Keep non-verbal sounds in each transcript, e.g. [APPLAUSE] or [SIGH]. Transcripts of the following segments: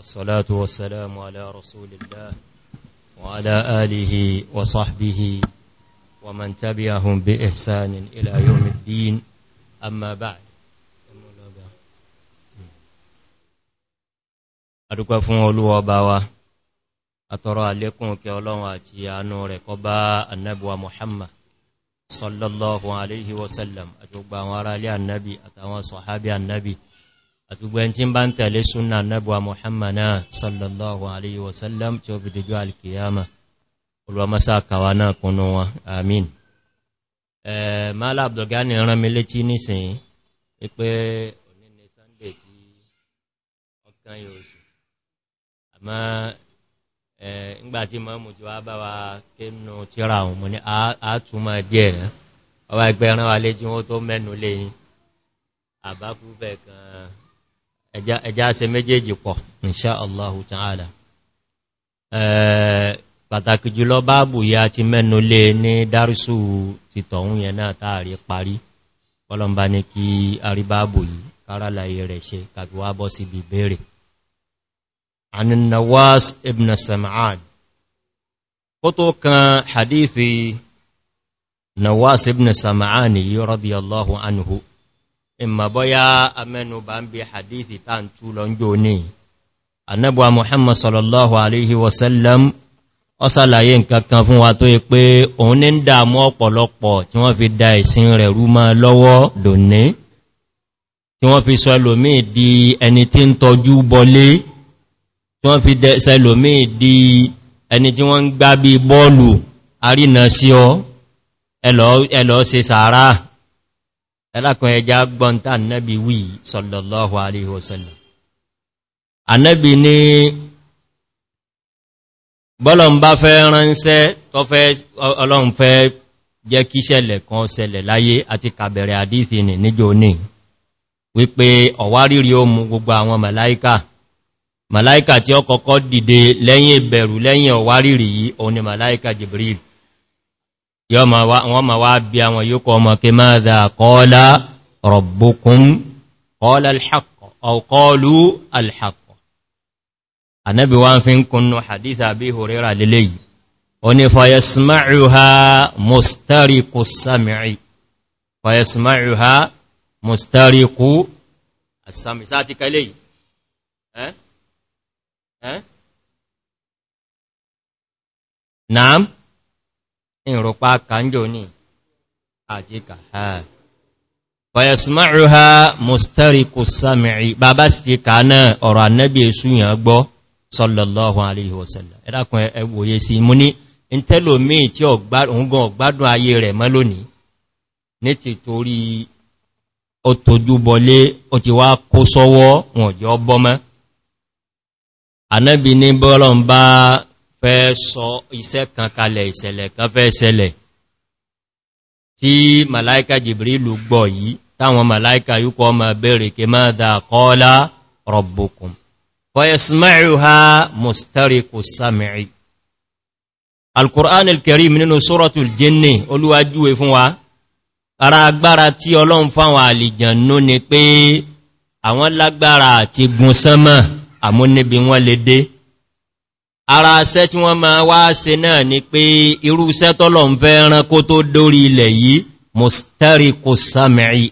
والصلاة والسلام على رسول الله وعلى آله وصحبه ومن تبعهم بإحسان إلى يوم الدين أما بعد adúpẹ́ fún olúwọ bá wa àtọrọ àlékún kí ọlọ́run àti àánú rẹ̀ kọ bá annabuwa muhammad sallallahu alaihi wasallam àti gbogbo àwọn ará ilé annabi àtàwọn sọ̀hábí annabi àtùgbò ẹn tí ń bá ń tẹ̀lé súnà nẹ́bùwa mọ̀hánmàná sallallahu alayhi wasallam tí ó fi dojú alkiyama olùwàmásá kàwà náà kúnnú wọn amin mọ́lá abdọ̀gání rán mi létí nísìn wípé onínú sunday tí ọkàn yóò sù àmá ìgbàtí mọ́mù tí wá bá wa kínú tíra àwọn mọ́ ní àátúmọ̀ díẹ̀ ọwá ẹgbẹ́ rán wa létí wọ́n tó mẹ́nu lẹ́yìn àbákúfẹ́ kan ẹjá ṣe méjèèjì pọ̀ inṣá Allahu ta'ala pàtàkì jùlọ báàbù ya ti mẹ́nu lé ní dárísù ti tọ̀hún yẹn náà táàrí parí ọlọ́mbà ní kí arí báàbù yìí káràlàyé rẹ̀ ṣe kàbí wá bọ́ sí bí bèèrè an ibn Sam'an kó tó kan hadithi Nawas ibn Sam'an yìí radiyallahu anhu ìmọ̀bọ́yá amẹ́nubà ń bí hadithi ta ń tú lọ ń jò ní annabuwa muhammad sallallahu alaihi wasallam ọ sàlàyé nkankan fún wa tó yí pé òun ní ń dàmú ọ̀pọ̀lọpọ̀ tí wọ́n fi da ìsin rẹ̀ rúmọ́ lọ́wọ́ dòní tí wọ́n fi sọ ẹlòmí di ẹni tí ẹlákan ẹja gbọ́ntá annabi wí sallallahu alaihi wasallam annabi ni bọ́lọ̀n bá fẹ́ ránṣẹ́ tó fẹ́ ọlọ́run fẹ́ jẹ́ kí ṣẹlẹ̀ kan ṣẹlẹ̀ láyé àti kàbẹ̀rẹ̀ àdíthì nì níjò ní wípé ọ̀wárìrì ó mú gbogbo àwọn màláíkà màláíkà tí ó kọ́kọ́ dìde lẹ́yìn ìbẹ̀rù lẹ́yìn ọ̀wárìrì yìí òun ni màláíkà Jibril wọ́n ma wá bí àwọn yóò ọmọ kí máa dà kọ́ọ́lá rọ̀bùkún kọ́ọ́lá alhàkọ̀ ọ̀kọ́ọ̀lú alhàkọ̀. annabi wá fi ń kúnnù hadith àbí horira lílé yìí o ni fayasma'uha mustariku sami'i fayasma'uha mustariku sami'i sáti kalé yìí eh? eh? ìrọ̀pá kàńjọ ní àjíkà fayasma'uha mustariqu sami'i bàbá sì ti kà náà ọ̀rọ̀ annabi èsúyàn gbọ́ sallallahu alaihi wasallam ẹ̀dàkùn ẹwòye sí mú ní ìntẹ́lòmí tí ọ̀gbádùn ọ̀gbádùn ayé rẹ̀ mọ́ lónìí ní ti torí ó tójú bọlé ó ti wá kó sọ́wọ́ wọn jọ bọ́mọ́ annabi ní bọ́lọ̀ bá fẹ́ sọ iṣẹ́ kan kalẹ̀ ìṣẹ̀lẹ̀ kan fẹ́ ṣẹlẹ̀ tí màláíkà jìbìrìlù gbọ́ yìí táwọn màláíkà yúkọ ọmọ bẹ̀rẹ̀ kí máa dà kọ́ọ́lá rọ̀bùkùn fọ́yẹ̀sìmáìrìhá mustariku sami'i alkùrán alkarim nínú àwọn lágbára àti gun sánmà àmúnibi wọn lè dé ara iṣẹ́ tí wọ́n máa wá ṣe náà ni pé irú iṣẹ́ tọ́lọ̀ ń fẹ́ ẹran kó tó dórí ilẹ̀ yìí mustariqu sam'i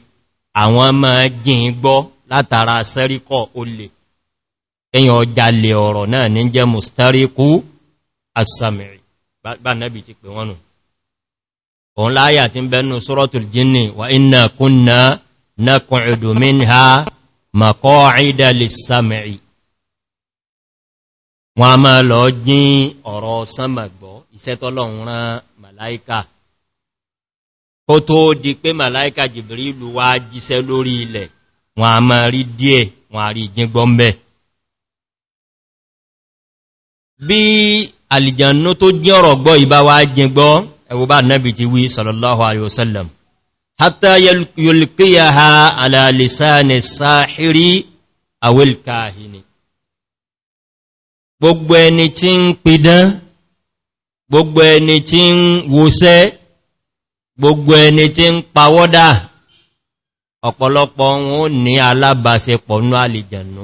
àwọn máa jìn gbọ́ látara sẹ́ríkọ̀ olè èyàn ọjàlè ọ̀rọ̀ náà ní jẹ́ mustariqu as-sam'i bá nẹ́bì ti pè wọ́nù òun láyà tí ń bẹnu suratul jinni wa inna kunna naq'udu minha maq'ida lis-sam'i wọ́n a máa lọ jín ọ̀rọ̀ sánmàgbọ́ ìṣẹ́tọ́lọ́run rán màláíkà kó tó di pé màláíkà jìbìrìlù wá jíṣẹ́ lórí ilẹ̀ wọ́n a máa rí díẹ̀ wọ́n a rí jín gbọ́m̀bẹ̀ bí alìjànú tó jí ọ̀rọ̀ gbọ́ ìbá wá jín gbọ́ gbogbo ẹni tí ń pidán gbogbo ẹni tí ń wòsẹ́ gbogbo ẹni tí ń pawọ́dá ọ̀pọ̀lọpọ̀ wọn ní alábàṣepọ̀ ní alìjànú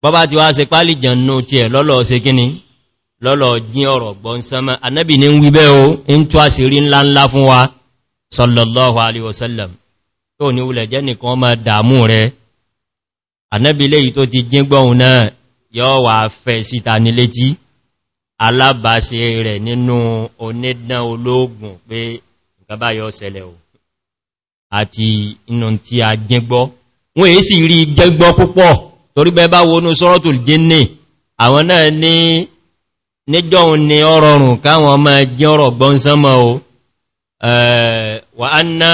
bọ́bá ti wá se pálìjànú ti ẹ̀ lọ́lọ́ se kíni lọ́lọ́ jí ọ̀rọ̀ gbọ́n sánmà anẹ́bì ní wíbẹ́ o ń tó àṣírí ńláńlá fún wa sallallahu alaihi wasallam tó ní wulẹ̀ jẹ́ nìkan ọmọ dàmú rẹ̀ anẹ́bì léyìí tó ti jí gbọ́hun yóò wà fẹ́ síta ní létí alábàáṣe rẹ̀ nínú onídán ológun pé nǹkan bá yóò ṣẹlẹ̀ o àti inú tí a jẹ́gbọ́ wọ́n èé sì rí jẹ́gbọ́ púpọ̀ torí bẹ bá wọnú sọ́rọ̀tù jínní àwọn náà ní níjọ́un ni ọrọ̀rùn káwọn ọmọ jẹ́ ọrọ̀ gbọ́n sánmọ́ o wa anna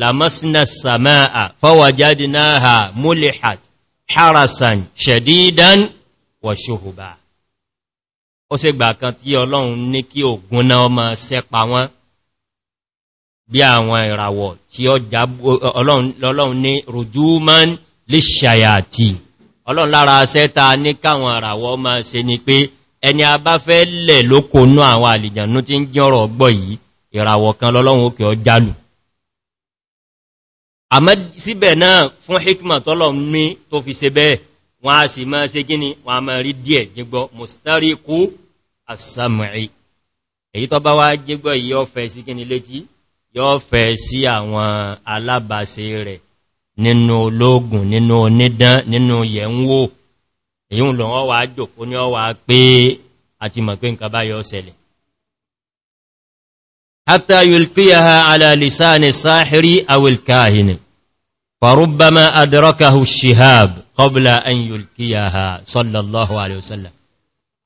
lamasna samaa fawajadnaha mulihat harasan shadidan wọ̀ṣòhùbà ó sì gbà kan tí ọlọ́run ní kí ògùn náà ọmọ sẹ́pa wọn bí àwọn ìràwọ̀ tí ọlọ́run ní rojuman lè ṣàyàtì ọlọ́run lára sẹ́ta ní káwọn ìràwọ̀ ọmọ se ni pé ẹni a bá fẹ́ lẹ̀ lókò náà àwọn àlìjànú tí ń jọrọ̀ ọgbọ̀ yìí ìràwọ̀ kan lọ́lọ́run òkè ọjálù àmọ́ síbẹ̀ náà fún hikmah tọ́lọ̀ ní tó fi se bẹ́ẹ̀ wọ́n a sì máa ṣe gíní wọ́n a máa rí díẹ̀ jígbọ́ mustariku as-sam'i èyí tó bá wá jígbọ́ yìí yóò fẹ́ sí gíní létí yóò fẹ́ sí àwọn alábàṣe rẹ̀ nínú ológun nínú onídán nínú yẹ̀nwó èyí ń lọ wọ́n wá jòkó ní ọwà pé àti mọ̀ pé nǹkan bá yọ ṣẹlẹ̀ hatta yulqiyaha ala kọbílá ẹ̀yìn kíyàhà sallallahu alaihi wasallam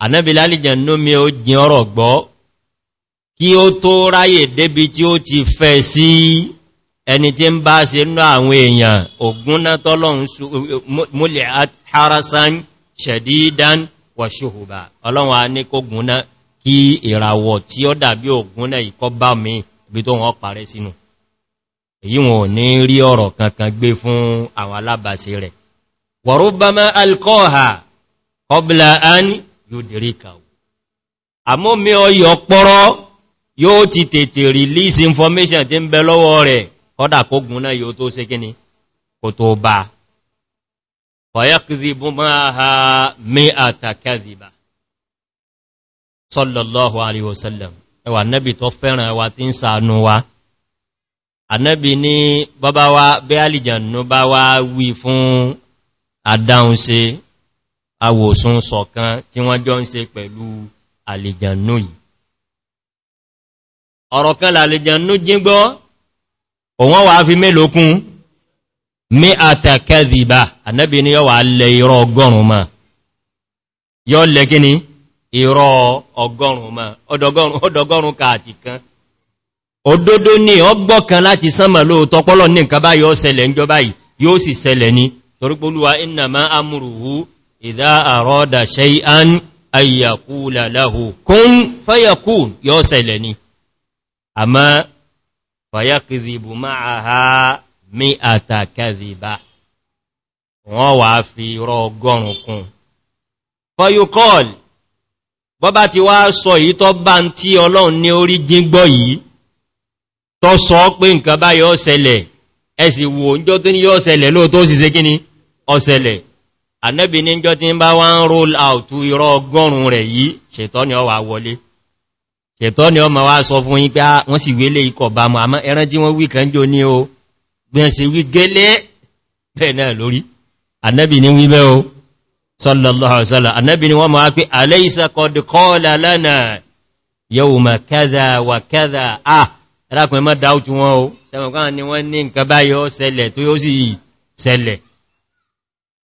anábìlá alìjẹ̀nú mi ó jìn ọ̀rọ̀ gbọ́ kí ó tó ráyè débi tí ó ti fẹ́ sí ẹni tí ń bá ṣe nú àwọn èèyàn ògúnná tọ́lọ́run múlẹ̀ harasan shadidan wa shuhuba ọlọ́run a ní kó gúnná kí ìràwọ̀ tí ó dàbí ògúnná ìkọ́ bá mi ibi tó wọ́n parẹ́ sínú èyí wọn ò ní rí ọ̀rọ̀ kankan gbé fún àwọn alábàṣe rẹ̀ wọ̀rúbámá alkọ́ha kọbla an yóò àmómi ọyọ̀ pọ́rọ́ yóò ti tètè release information tí ń bẹ lọ́wọ́ rẹ̀ kọ́dà kó gùn náà yóò tó sé kíní kò tó bá fọ̀yẹ́kìdìbò máa ha bọ́bá wa bẹ́ alìjànú bá wá wí fún àdáhùn ṣe awòsùn sọ̀kan tí wọ́n jọ ń ṣe pẹ̀lú àlìjànú yìí ọ̀rọ̀ kan làlìjànú jígbọ́ òun wà fi mélòókún mí àtàkẹ́dìbà ànábì ni yọ́ lẹ irọ́ ọgọ́rùn ma yọ́ lẹ kí ni irọ́ ọgọ́rùn ma ọdọgọ́rùn káàtì kan òdodo ni ọgbọ́kan láti sánmà lóòtọ́pọ́lọ̀ ní nǹkan torípolúwa iná ma amúrùhú ìdá àrọ́dà ṣe'án ayyàkúlà láhù kún fayakú yóò sẹlẹ̀ ni a ma fayakìzìbù máa ha mí àtàkàzìbá wọ́n wà fi rọ ọgọ́rùn kún fayukọ́l bọ́bá ti wá sọ yìí tọ́ bá ń tí ọlọ́run ní orí jíngbọ́ yìí tọ́ sọ pé nǹkan bá yóò sẹlẹ̀ ẹ̀sì wò ń jọ tó ní yóò sẹlẹ̀ lóòtó sì se kíni ọ̀sẹ̀lẹ̀ ànẹ́bì ní jọ tí ń bá wá ń roll out irọ́ ọgọ́rùn rẹ̀ yìí ṣètọ́ ni ọ wà wọlé ṣètọ́ ni ọ ma wá sọ fún yín pé ah, wọ́n sì wélé ikọ̀ bá mọ̀ àmọ́ ẹran tí wọ́n wí kan jò ní o gbẹ̀nsì wí gẹ́lẹ́ bẹ́ẹ̀ náà lórí ànẹ́bì o sallallahu alaihi wasallam ànẹ́bì ní wọ́n ma wá pé alaysa qad ah, ni wọ́n ní nǹkan báyọ́ ṣẹlẹ̀ tó yóò sì ṣẹlẹ̀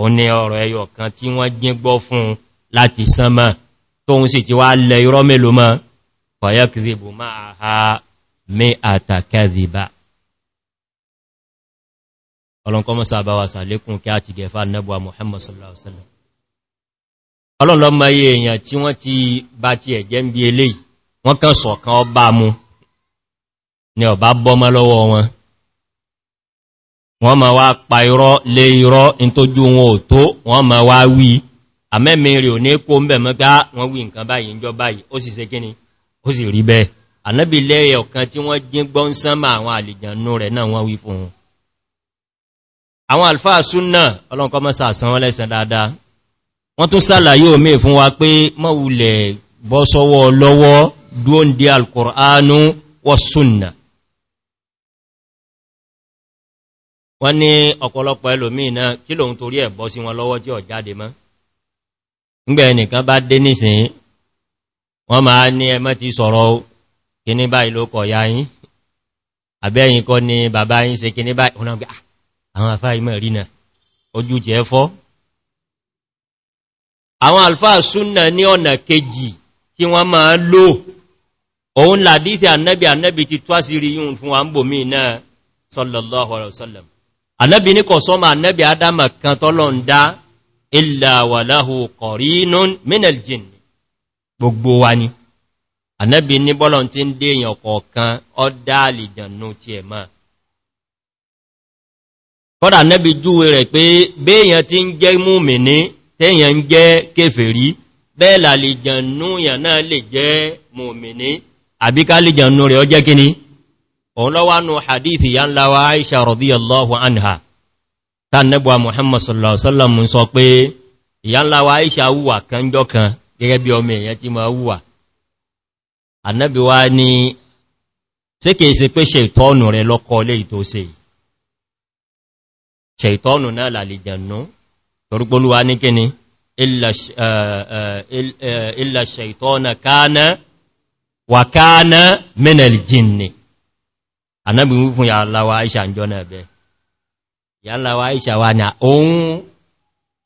ó ní ọ̀rọ̀ ẹyọ kan tí wọ́n jín gbọ́ fún láti sánmà tóun sì ti wá lẹ irọ́ mélòó mọ́ fàyẹ́kìrìbù máa ha mé àtàkẹ́rìbà ọlọ́nkọ́mọ́ sàbáwà sàlékún kí a ti gẹ̀fà nẹ́bùwa Muhammad sallallahu alaihi wasallam ọlọ́lọ́mọ ayé èèyàn tí wọ́n ti bá ti ẹ̀jẹ́ ń bí eléyìí wọ́n kàn wọ́n ma wá pa irọ́ lé irọ́ in tó jú wọn ò tó wọ́n ma wá wí àmẹ́mẹ́ rẹ̀ ò ní kó ń bẹ̀ mọ́gá ah, wọ́n wí nǹkan báyìí jọ báyìí ó sì ṣe kíni ó sì rí bẹ́ẹ̀ ànábì lẹ́yẹ̀ ọ̀kan tí wọ́n jí gbọ́n sánmà àwọn àlìjànú rẹ̀ náà wọ́n wí fún un wa sunna. wọ́n ní ọ̀pọ̀lọpọ̀ ẹlòmí náà kí lòun torí ẹ̀ bọ́ sí wọn lọ́wọ́ tí ó jáde mọ́ ǹgbẹ̀ ẹnìkan bá dé nìsìn wọ́n máa ní ẹmọ́ ti sọ̀rọ̀ kíní báyìí kọ̀ ya yín àbẹ́yìn kọ́ ni bàbá yín ṣe kíní báyìí ah, àwọn àfáà ìmọ̀ ìrìnà ojú jẹ́ fọ́ àwọn àlfáà súnnà ní ọ̀nà kejì tí wọ́n máa lò òun làdíthì ànẹ́bì sallallahu alaihi wasallam ànábì ní kọ̀ sọ́mà ànábì adama kan tọ́lọ ń dá illa wa lahu qarinun minal jinn gbogbo wa ni ànábì ní bọ́lọ̀ tí ń dé èyàn kọ̀ọ̀kan ọ dá àlìjànú ti ẹ̀ máa kọ́dà ànábì júwe rẹ̀ pé béèyàn ti ń jẹ́ múmìní téèyàn ń jẹ́ kéfèrí bẹ́ẹ̀ làlìjànú yàn náà lè jẹ́ múmìní àbíká àlìjànú rẹ̀ ọ jẹ́ kíní ọlọ́wánú hadithi ya ńlá wa aisha radiyallahu anha ta nẹ́bùwa muhammad sallallahu alaihi wasallam sọ pé ya ńlá wa aisha wùwà kan jọ kan gẹ́gẹ́ bí ọmọ èyàn tí ma wùwà annabi wa ni tí kìí ṣe pé ṣeìtọ́nù rẹ lọ́kọ́ lè tó ṣe ṣeìtọ́nù náà làlìjànú torúgbólúwa ní kíni illa ṣeìtọ́nà kánà wà kánà minal jinni anábi wí fún yàláwà aisha ń jọ náà bẹ́ yàláwà aisha wà ní ohun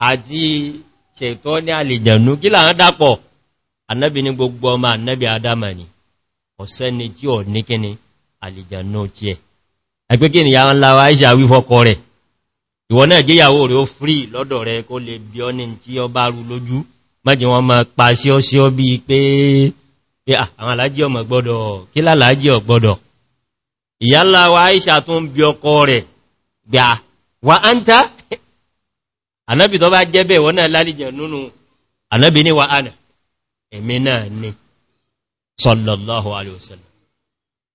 àti ṣètọ́ ní àlèjẹ̀nú kí láàrín dápọ̀ anábi ní gbogbo ọmọ anábi adama ni ọ̀sẹ́ni tí ọ̀ ní kíni àlèjẹ̀nú tí ẹ̀ ẹgbẹ́ kí ni yàláwà aisha wí fọ́kọ rẹ̀ ìwọ náà gbéyàwó rẹ̀ ó frí lọ́dọ̀ rẹ̀ kó lè bí ọ́ ní tí ọ bá rú lójú mẹ́jì wọn máa pa sí ọ́ sí ọ́ bí pé àwọn alájí ọmọ gbọ́dọ̀ kí lálàájí ọ̀gbọ́dọ̀ ìyálà wa Aisha tó ń bí ọkọ rẹ̀ gbà wa anta anábì tó bá jẹ́ bẹ̀ wọ́n náà lálìjẹ̀ nínú anábì ní wa ana èmi náà ni sallallahu alaihi wasallam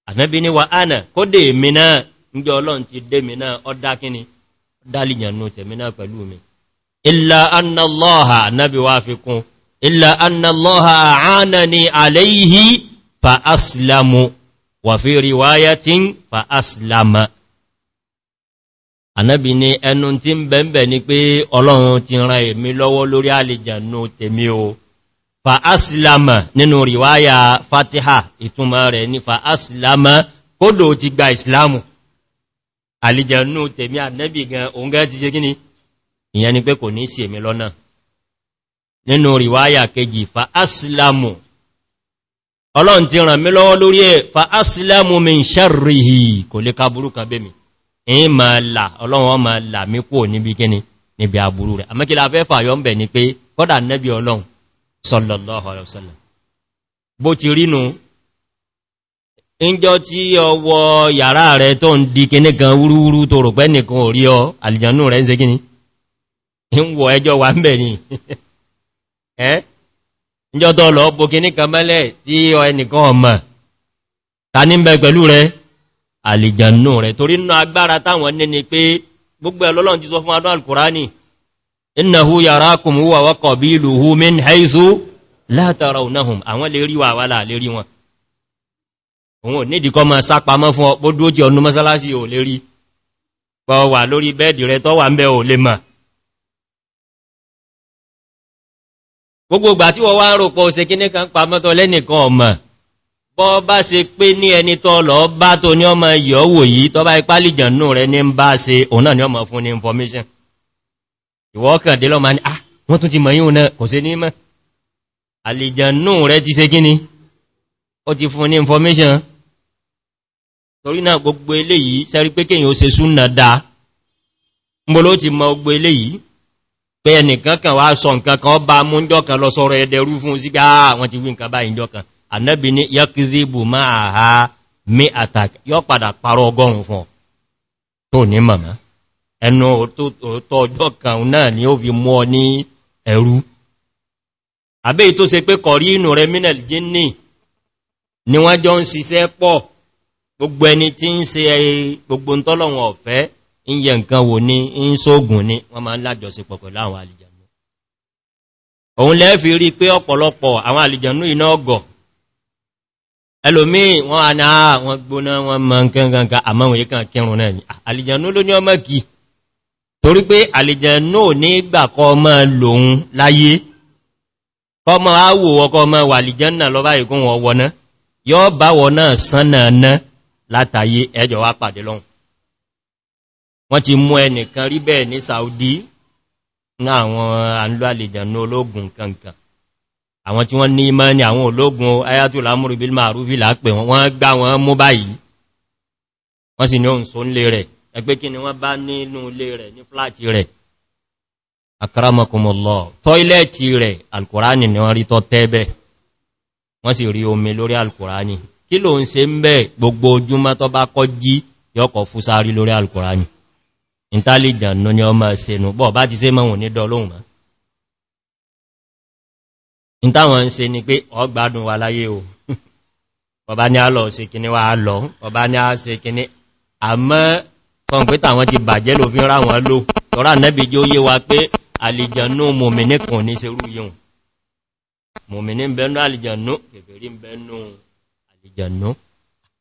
anábì ní wa ana kó dé èmi náà ń jẹ́ ọlọ́run ti dé mi náà ọdá kíni dálìjẹ̀ nínú tẹ̀mí fa aslamu wàfí ríwáyá tí ń fa aslama anábi ni ẹnu tí ń bẹ̀m̀bẹ̀ ni pé ọlọ́run ti ran èmi lọ́wọ́ lórí àlejànú tèmi o fa aslama nínú ríwáyá fatiha ìtumọ̀ rẹ̀ ní fa aslama kódò ti gba islamu àlejànú tèmi anábi gan oúnjẹ́ ti ṣe gíní ìyẹn ni pé kò ní sí èmi lọ́nà nínú ríwáyá kejì fa aslamu ọlọ́run ti ràn mí lọ́wọ́ lórí ẹ̀ fa asìlámù mi ń ṣàrìhì kò lè ka burú kan bẹ́mi èyí ma là ọlọ́run ma là mí kúò níbi gíní níbi àbúrú rẹ̀ àmọ́kílá fẹ́ fàyọ́ ń ni pé kọ́dà nẹ́bí ọlọ́run sallallahu alaihi wasallam bó ti rínú ìjọ tí ọwọ́ yàrá rẹ̀ tó ń di kíní kan wúrúwúrú tó rò pẹ́ nìkan ò rí ọ àlìjànú [LAUGHS] ìjọdọ̀ lọ bó kí ní kàmẹ́lẹ̀ tí ọ ẹnìkan ọmọ ta ní bẹ pẹ̀lú rẹ àlìjànú rẹ torí nínú agbára táwọn ní ni pé gbogbo ẹlọ́lọ́n ti sọ fún adọ́ alkùránì innahu yarakum huwa wa qabiluhu min haythu la tarawnahum àwọn lè rí wà gbogbo ìgbà tí wọ́n wá ń rọ̀pọ̀ òsè kí nìkan pa mọ́tọ̀ lẹ́nìkan ọmọ bọ́ bá ṣe pé ní ẹni tọ́ lọ bá tó ní ọmọ yọ́wò yìí tọ́ bá ipá lìjànú rẹ ní bá ṣe òun náà ni ọmọ fún ní information ìwọ́kàndínlọ́mà ní ah wọ́n tún ti mọ̀ yíò náà kò sí ní mọ́ àlìjànú rẹ information torí náà gbogbo eléyìí sẹ́rí pé kéyìn ó ṣe súnà dáa mbolo pé ẹnìkan kan wá sọ nǹkan kan bá mú ń jọ́kan lọ sọ́rọ̀ ẹ̀dẹ̀rú fún sí gbá àwọn ah, ti wí nǹkan bá ìjọkan ànẹ́bì ní yẹ́kìzíbù máa ha mí àtàkì yọ́ padà parọ́ ọgọ́rùn fún tó ní màmá ẹnu òótọ́ ọjọ́ kan náà ni ó fi mú ọ ní ẹ̀rú àbẹ́ tó ṣe pé kọ̀rí inú rẹ mínà ń yẹ nǹkan wò ní ń sóògùn ní wọ́n máa ń lájọsípọ̀ pẹ̀lú àwọn àlìjànú òun lẹ́ fi rí pé ọ̀pọ̀lọpọ̀ àwọn àlìjànú iná ọgọ̀ ẹlòmíì wọ́n àná wọn gbóná wọn mọ nǹkanganka àmọ́wọ̀n yí kan kírun náà ni àlìjànú ló ní ọmọ kí torí pé àlìjànú ní náà wọ́n ti mú ẹnìkan rí bẹ́ẹ̀ ní Saudi ní àwọn àńlò àlèjànú ológun kankan àwọn tí wọ́n ní imọ́ ni àwọn ológun ayatul amuru bil ma'rufi lápẹ̀ wọ́n gbá wọn mú báyìí wọ́n sì ní òun só nílé rẹ̀ ẹgbẹ́ kí ni wọ́n bá nínú ilé rẹ̀ ní fláàtì rẹ̀ akramakumullah tọ́ílẹ̀tì rẹ̀ alkùránì ni wọ́n rí tọ́ tẹ́bẹ̀ wọ́n sì rí omi lórí alkùránì kí ló ń ṣe ń bẹ́ gbogbo ojúmọ́ tó bá kọ́ jí yọkọ̀ fúsárí lórí alkùránì intelligent nù ní ọmọ ìsẹ̀nù bọ́ bá ti sé mọ́hun ní dọ́lóhùn mọ́ in táwọn ń se ni pé ọgbádùn wà láyé o [LAUGHS] ọba ní a lọ sí kíní wà á lọ ọba ní a sí kíní àmọ́ kan pé tàwọn ti bàjẹ́ ló ráwọn ló tọ́rà nẹ́bí jí yé wa pé àlìjànú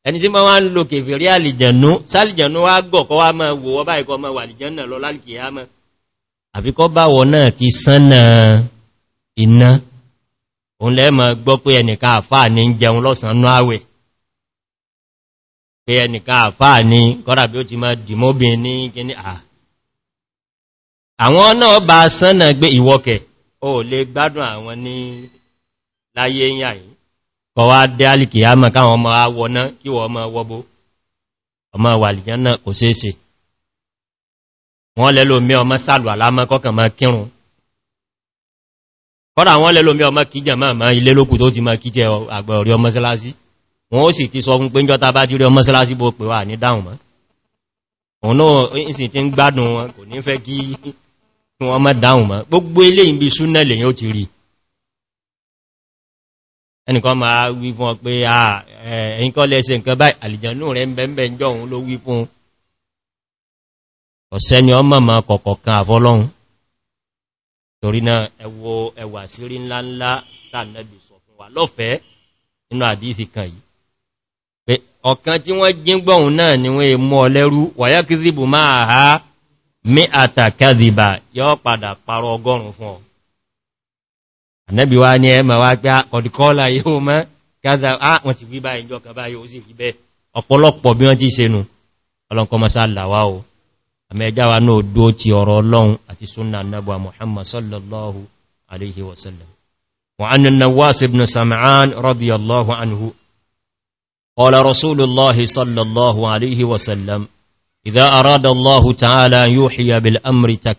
ẹni tí wọ́n wá ń lo kèfèrí àlìjànú sálìjànú wá gọ̀kọ́ wá mọ́ wò wọ́n báyìí kọ́ mọ́ wà àlìjànú lọ lálìkì yá mọ́ àfikọ́ báwọ̀ náà ti sánà iná òun lẹ́mọ̀ gbọ́ pé ẹnìká àfáà ní jẹun lọ́sànánú àwẹ̀ pé ẹnìká àfáà ní kọ́dà bí ó ti máa dìmóbin ní láyé yìí kọ wá dé alìkì ya mọ̀ káwọn ọmọ awọná kí wọ ọmọ wọbó ọmọ wàlìyàn náà kò séèsè wọ́n lẹ́lò mẹ́ ọmọ sàlù alámọ́ kọkàn mọ́ kírùn kọ́dà wọ́n lẹ́lò mẹ́ ọmọ kíjà máa mọ́ ilé lókù tó ti mọ́ kíjẹ àgbà orí ọmọ sẹ́lásí wọ́n ó sì ti sọ ẹnìkan ma wí fún ọ pé ẹ̀yìn kọ́ lẹ́ṣe nǹkan báyìí àlìjànú rẹ̀ ń bẹ̀m̀bẹ̀ ń jọun ló wí fún ọ̀sẹ́ ni ọmọ ma kọ̀kọ̀ kan àfọ́lọ́hun torí náà ẹwọ ẹwà sírí ńláńlá tàbí sọ fún wa lọ́fẹ̀ẹ́ inú àdíìsì kan ha mí àtàkàzìbà yọ́ padà parọ́ ọgọ́rùn-ún ànẹ́bí wá ní ẹmà wá pé ọdíkọ́ọ́lá yóò mọ́ gáza àwọn ti wíbá ìjọ kàbá yóò sì rí bẹ́ ọ̀pọ̀lọpọ̀ bí wọ́n ti ṣe nù ọlọ́nkọmọsá làwá o àmẹ́já wa náà dó ti ọ̀rọ̀ ọlọ́run àti súnà anábọ̀ muhammad sallallahu alaihi wasallam wa annan nawas ibn sam'an radiyallahu anhu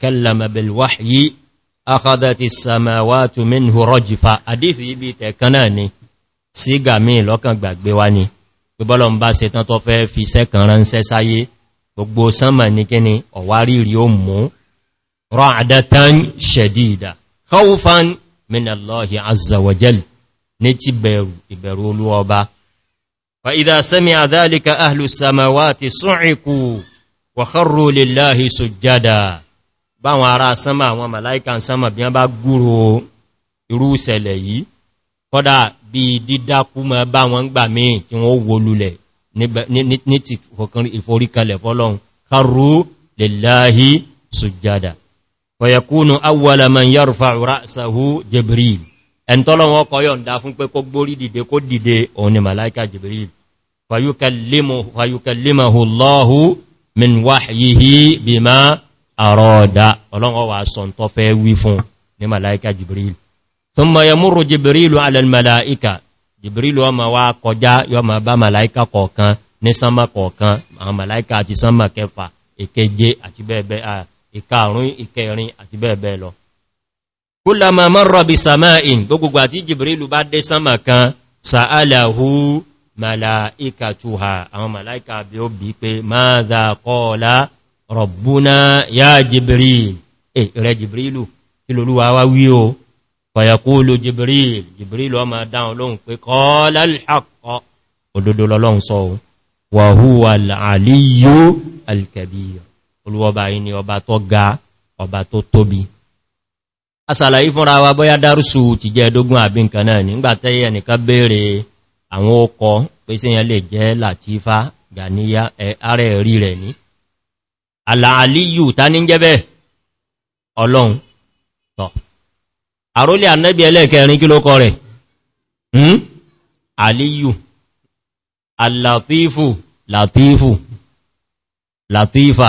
qala akadati samawatu minhu rajfa àdífì ibi tẹ̀kan náà ni sígà mí lọ́kàn gbàgbé wá ni gbogbo ń bá ṣe tán tó fẹ́ fi sẹ́kàn ránṣẹ́ sáyé gbogbo sánmà ní kíni ọ̀wárìrì ó mú ra'datan shadida khawfan min Allahi azza wa jal ní ti bẹ̀rù ìbẹ̀rù olúọba fa idha sami'a dhalika ahlu samawati su'iqu wa kharru lillahi sujjada báwọn ará sánmà àwọn màláìkà sánmà bí wọ́n bá gúrò irú ìṣẹ̀lẹ̀ yìí kọ́dà bí dídákú mọ́ bá wọn gbà míì tí wọ́n wó lulẹ̀ ní ti ìforíkalẹ̀ fọ́lọ́un karú lèláhí sùjádà fọ̀yẹ̀kúnù awwala man yarfa ra'sahu jibril ẹn tọ́lọ́wọ́ kọyọ̀ ń dá fún pé kó gbórí dìde kó dìde òun allahu min wahyihi bima àrọ̀ọ̀dá ọlọ́run wà sọ tó fẹ́ wí fún ní màláíkà jibril tó mọ̀ yẹ múrù jibril alẹ́màláíkà jibril wọ́n ma wá kọjá yọ ma bá màláíkà kọ̀ọ̀kan ní sánmà kọ̀ọ̀kan àwọn màláíkà àti sánmà kẹfà ìkeje àti bẹ́ẹ̀bẹ́ ìkarùn ìkẹrin àti bẹ́ẹ̀bẹ́ lọ kúlàmà mọ́rọ̀ bí sàmáìn gbogbo àti jibril bá rọ̀búná yá jibril eh rẹ̀ jibrilu ilolúwa wá wí o fàyàkúlù jibril jibril ọmọ dáhùn lóhun pé qala al-haqqa òdodo lọ́lọ́run sọ wa huwa al-aliyyu al-kabir olúwọba yìí ni ọba tó ga ọba tó tóbi asàlàyé fúnra wa bóyá dárùsù ti jẹ́ ẹ̀dógún àbí nǹkan àwọn ọkọ̀ pé yẹn lè jẹ́ làtífà gàníyà ààrẹ rí rẹ̀ ní àlàálíyù ta ní jẹ́bẹ̀ ọlọ́run tọ̀ àrólé ànẹ́bí ẹlẹ́ẹ̀kẹrin kí ló kọ rẹ̀ àlíyù àlàtífù làtífù làtífà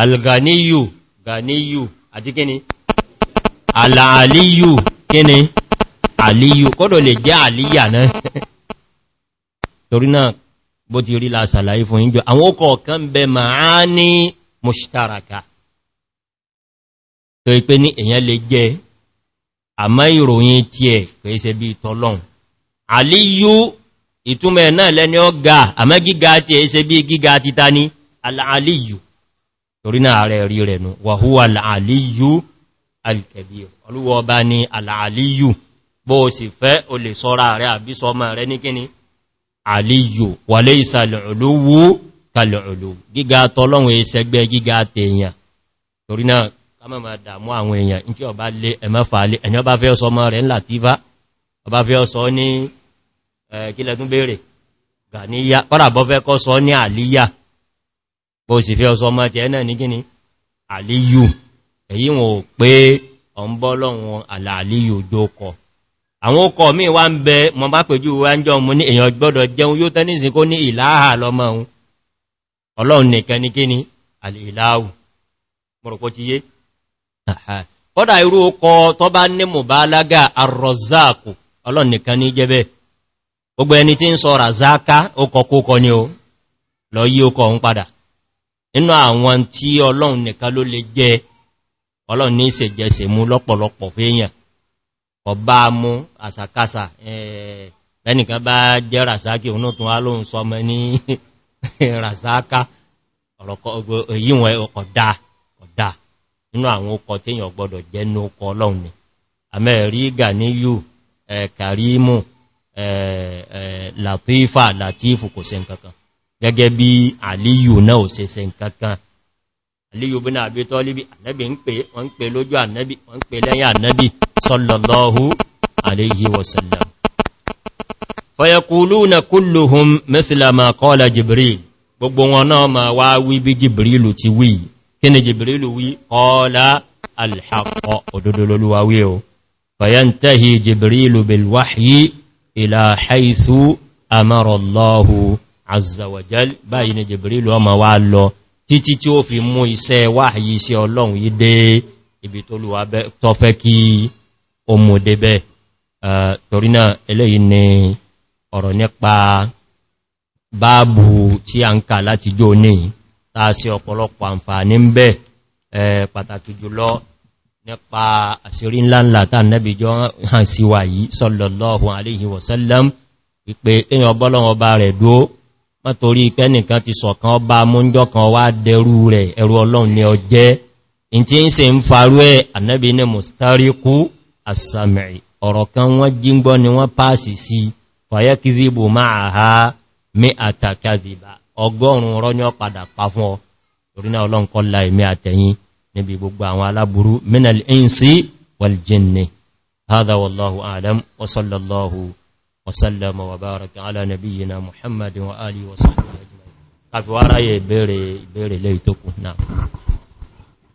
alganiyu ganiyu àti kíni àlàálíyù kíni àlíyù kọ́dọ̀ lè jẹ́ àlíyà náà [LAUGHS] náà bó ti rí lásàlàyé fún ìjọ àwọn ókọ̀ kan bẹ máa ní mushtaraka tó ipé ní èyàn lè jẹ àmá ìròyìn tí ẹ̀ kèése bí tọ́lọ́un àlíyú ìtumẹ̀ náà lẹ́ni ọ ga àmá gíga tí ẹ̀ ṣe bí gíga títà ní al'alíyù torí náà rẹ̀ rí rẹ̀ nù wàhúwà al'alíyù alkẹ̀bí àlíyù wàlé ìsàlẹ̀ọ̀lówó kalẹ̀ọ̀lò gíga tọ́lọ́run ìṣẹ́gbẹ́ e gíga tèèyàn torí náà kama ma dàmú àwọn èèyàn tí ọba lé ẹmẹ́fà lé ẹni ọba fẹ́ ọsọ ọmọ rẹ̀ ńlá tí bá ọba fẹ́ ọsọ ní kílẹ̀ tún bèèrè gàníyà kọ́ràbọ́ fẹ́ kọ́ sọ ní àlíyà bó sì fẹ́ ọsọ àwọn ọkọ̀ mi wá ń bẹ mọ bá pẹ̀jú wá ń jọ mú ní gbọ́dọ̀ jẹun yóò tẹ́nìsìn kó ní ìláhà lọ́mọ ohun ọlọ́run nìkan ní kíni alìláhù mọ̀rọ̀kọ́ ti yé kọ́dà irú ọkọ tọba bá ní mọ̀ bá lága ọlọ́run nìkan ní ọba mú àsàkásà ẹnìkan bá jẹ́ ràsákì òun tún á lóhun sọmọ ní [LAUGHS] ràsáká yíwọn ọ̀dá ọ̀dá nínú àwọn ọkọ̀ tí èyàn gbọdọ̀ jẹ́ ní ọkọ̀ ọlọ́run ni amẹ́rí Ganiyu Karimu Latifa Latifu kò ṣe nǹkankan gẹ́gẹ́ bí Aliyu náà ò ṣe ṣe nǹkankan aliyubina abitolibi annabi ń pè wọ́n pè lójú annabi wọ́n pè lẹ́yìn annabi sallallahu alayhi wasallam fayakuluna kulluhum mithla ma qala jibril gbogbo wọn náà ma wá wí bí jibrilu ti wí kí ni jibrilu wí qala alhaqqo òdòdólólúwa wí o fayantahi jibrilu bilwahyi ila haythu amara allahu azza wajal báyìí ni jibrilu ọmọ wá lọ títí tí ó fi mú iṣẹ́ wáyí iṣẹ́ ọlọ́run yí dé ibi tó lùwà tó fẹ́ kí o mú débẹ̀ torí náà eléyìí ni ọ̀rọ̀ nípa báàbù tí a ń kà láti jò ní tàà sí ọ̀pọ̀lọpọ̀ àǹfààní ń bẹ pàtàkì jùlọ nípa àṣírí ńláńlá tàà nẹ́bí sallallahu alaihi wasallam wípé èyàn ọbọ́lọ́wọ́ mọ́torí pé nìkan ti sọ̀kan ọba múnjọ́ kan wá dẹrú rẹ̀ ẹ̀rù ọlọ́run ni ọ jẹ́ in tí ń se ń farú ẹ̀ ànẹ́bí ní mustariku asàmì ọ̀rọ̀ kan wọ́n jíngbọ́ ni wọ́n pàásì sí fàyẹ́kìdìbò máa ha mí àtàkàdìbà ọgọ́rùn وسلم وبارك على نبينا محمد وآله وصحبه أجمعين قف وراي بيري بيري ليتكم نعم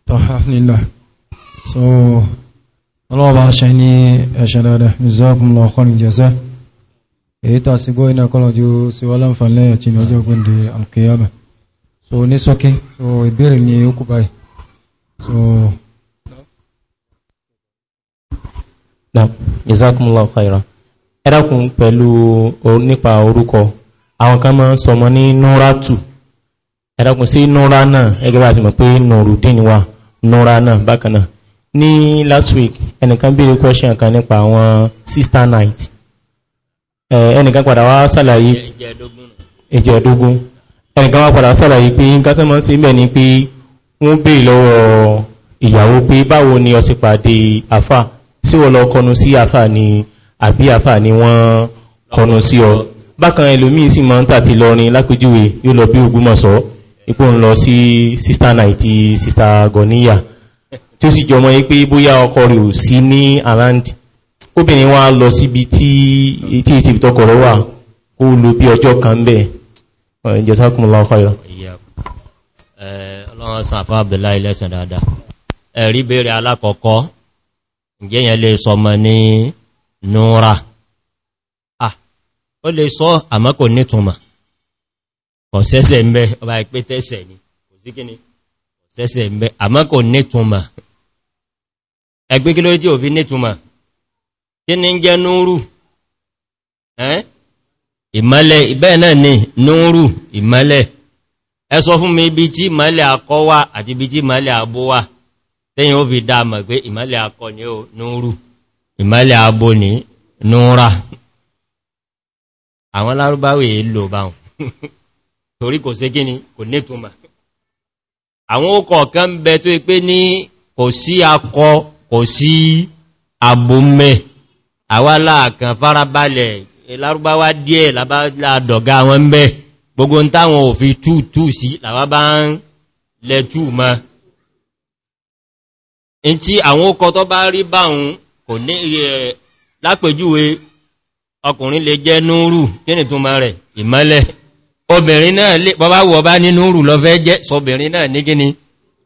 الحمد لله so ọlọ́wọ́ bá ṣe ní ẹ̀ṣẹ̀ dáadáa ìzọ́kùn lọ ọkọ̀ ìjẹsẹ́ èyí tàà sí gbóyìn akọ́lọ̀jú sí wọ́n láǹfààlẹ́ ẹ̀tí mẹ́jọ́ gbẹ́ndẹ̀ alkiyama so ní sọ́kí so ìbéèrè ní ó kú so ìzọ́kùn lọ ọkọ̀ ẹ̀dàkùn pẹ̀lú nípa orúkọ àwọn kan máa ń sọmọ ní nọ́rátù ẹ̀dàkùn sí nọ́rá náà ẹgbẹ́ bá ti mọ̀ pé nọ̀rùdín wà nọ́rá náà bákanáà ní last week ẹnìkan béèrè question kan nípa àwọn sister night ẹnìkan padà wá sàlàyé ẹjẹ́ ẹ̀dógún ẹnìkan wá padà sàlàyé pé nǹkan tó máa ń ṣe mẹ́ ni pé wọ́n béèrè lọ́wọ́ ìyàwó pé báwo ni ó ṣe pàdé àfà lọ kọnu sí àfà ni àbí àfà ni wọ́n kọnu sí ọ bákan ẹlòmí sí ma ń tàti lọrin lápéjúwe yóò lọ bí ogúnmọ̀sọ́ ipò ń lọ sí sister night sister goniya tí ó sì jọmọ́ yí pé bóyá ọkọ rẹ̀ ò sí ní around kóbìnrin wá lọ síbi tí tí ìsìbì tọkọ̀ rẹ̀ wà ó lo bí ọjọ́ kan bẹ́ẹ̀ ìjẹsákùnlọ́ ọkọ̀yọ nora a. o le so ama ko ni sese nbe o ba pe tese ni ko si kini ko sese nbe ama ko ni tuma e gbe ki o fi ni tuma kini nje nuru eh imale ibe na ni nuru imale e so fun mi bi ti imale ako wa ati bi ti imale abo wa teyin o fi da mo pe imale ako ni o nuru ìmọ́lẹ̀ àbò ní núra àwọn lárúbáwì lò báhùn [LAUGHS] torí kò sí kíni kò nítùmà àwọn ó kọ̀ọ̀kan ń bẹ tó pé ní kò sí akọ kò sí àbòmẹ́ àwá láàkàn farabalẹ̀ lárúbáwá díẹ̀ lábádọ̀gá wọn bẹ́ gbogbo táwọn ò fi tútù sí làwá bá ń lẹ́tù mọ́ kò ní iye lápèjúwe ọkùnrin lè jẹ́ núúrù kíni tó máa rẹ̀ ìmọ́lẹ̀ obìnrin náà lè bọ́bá wọ bá ní núúrù lọ fẹ́ jẹ́ sọbìnrin náà ní kíni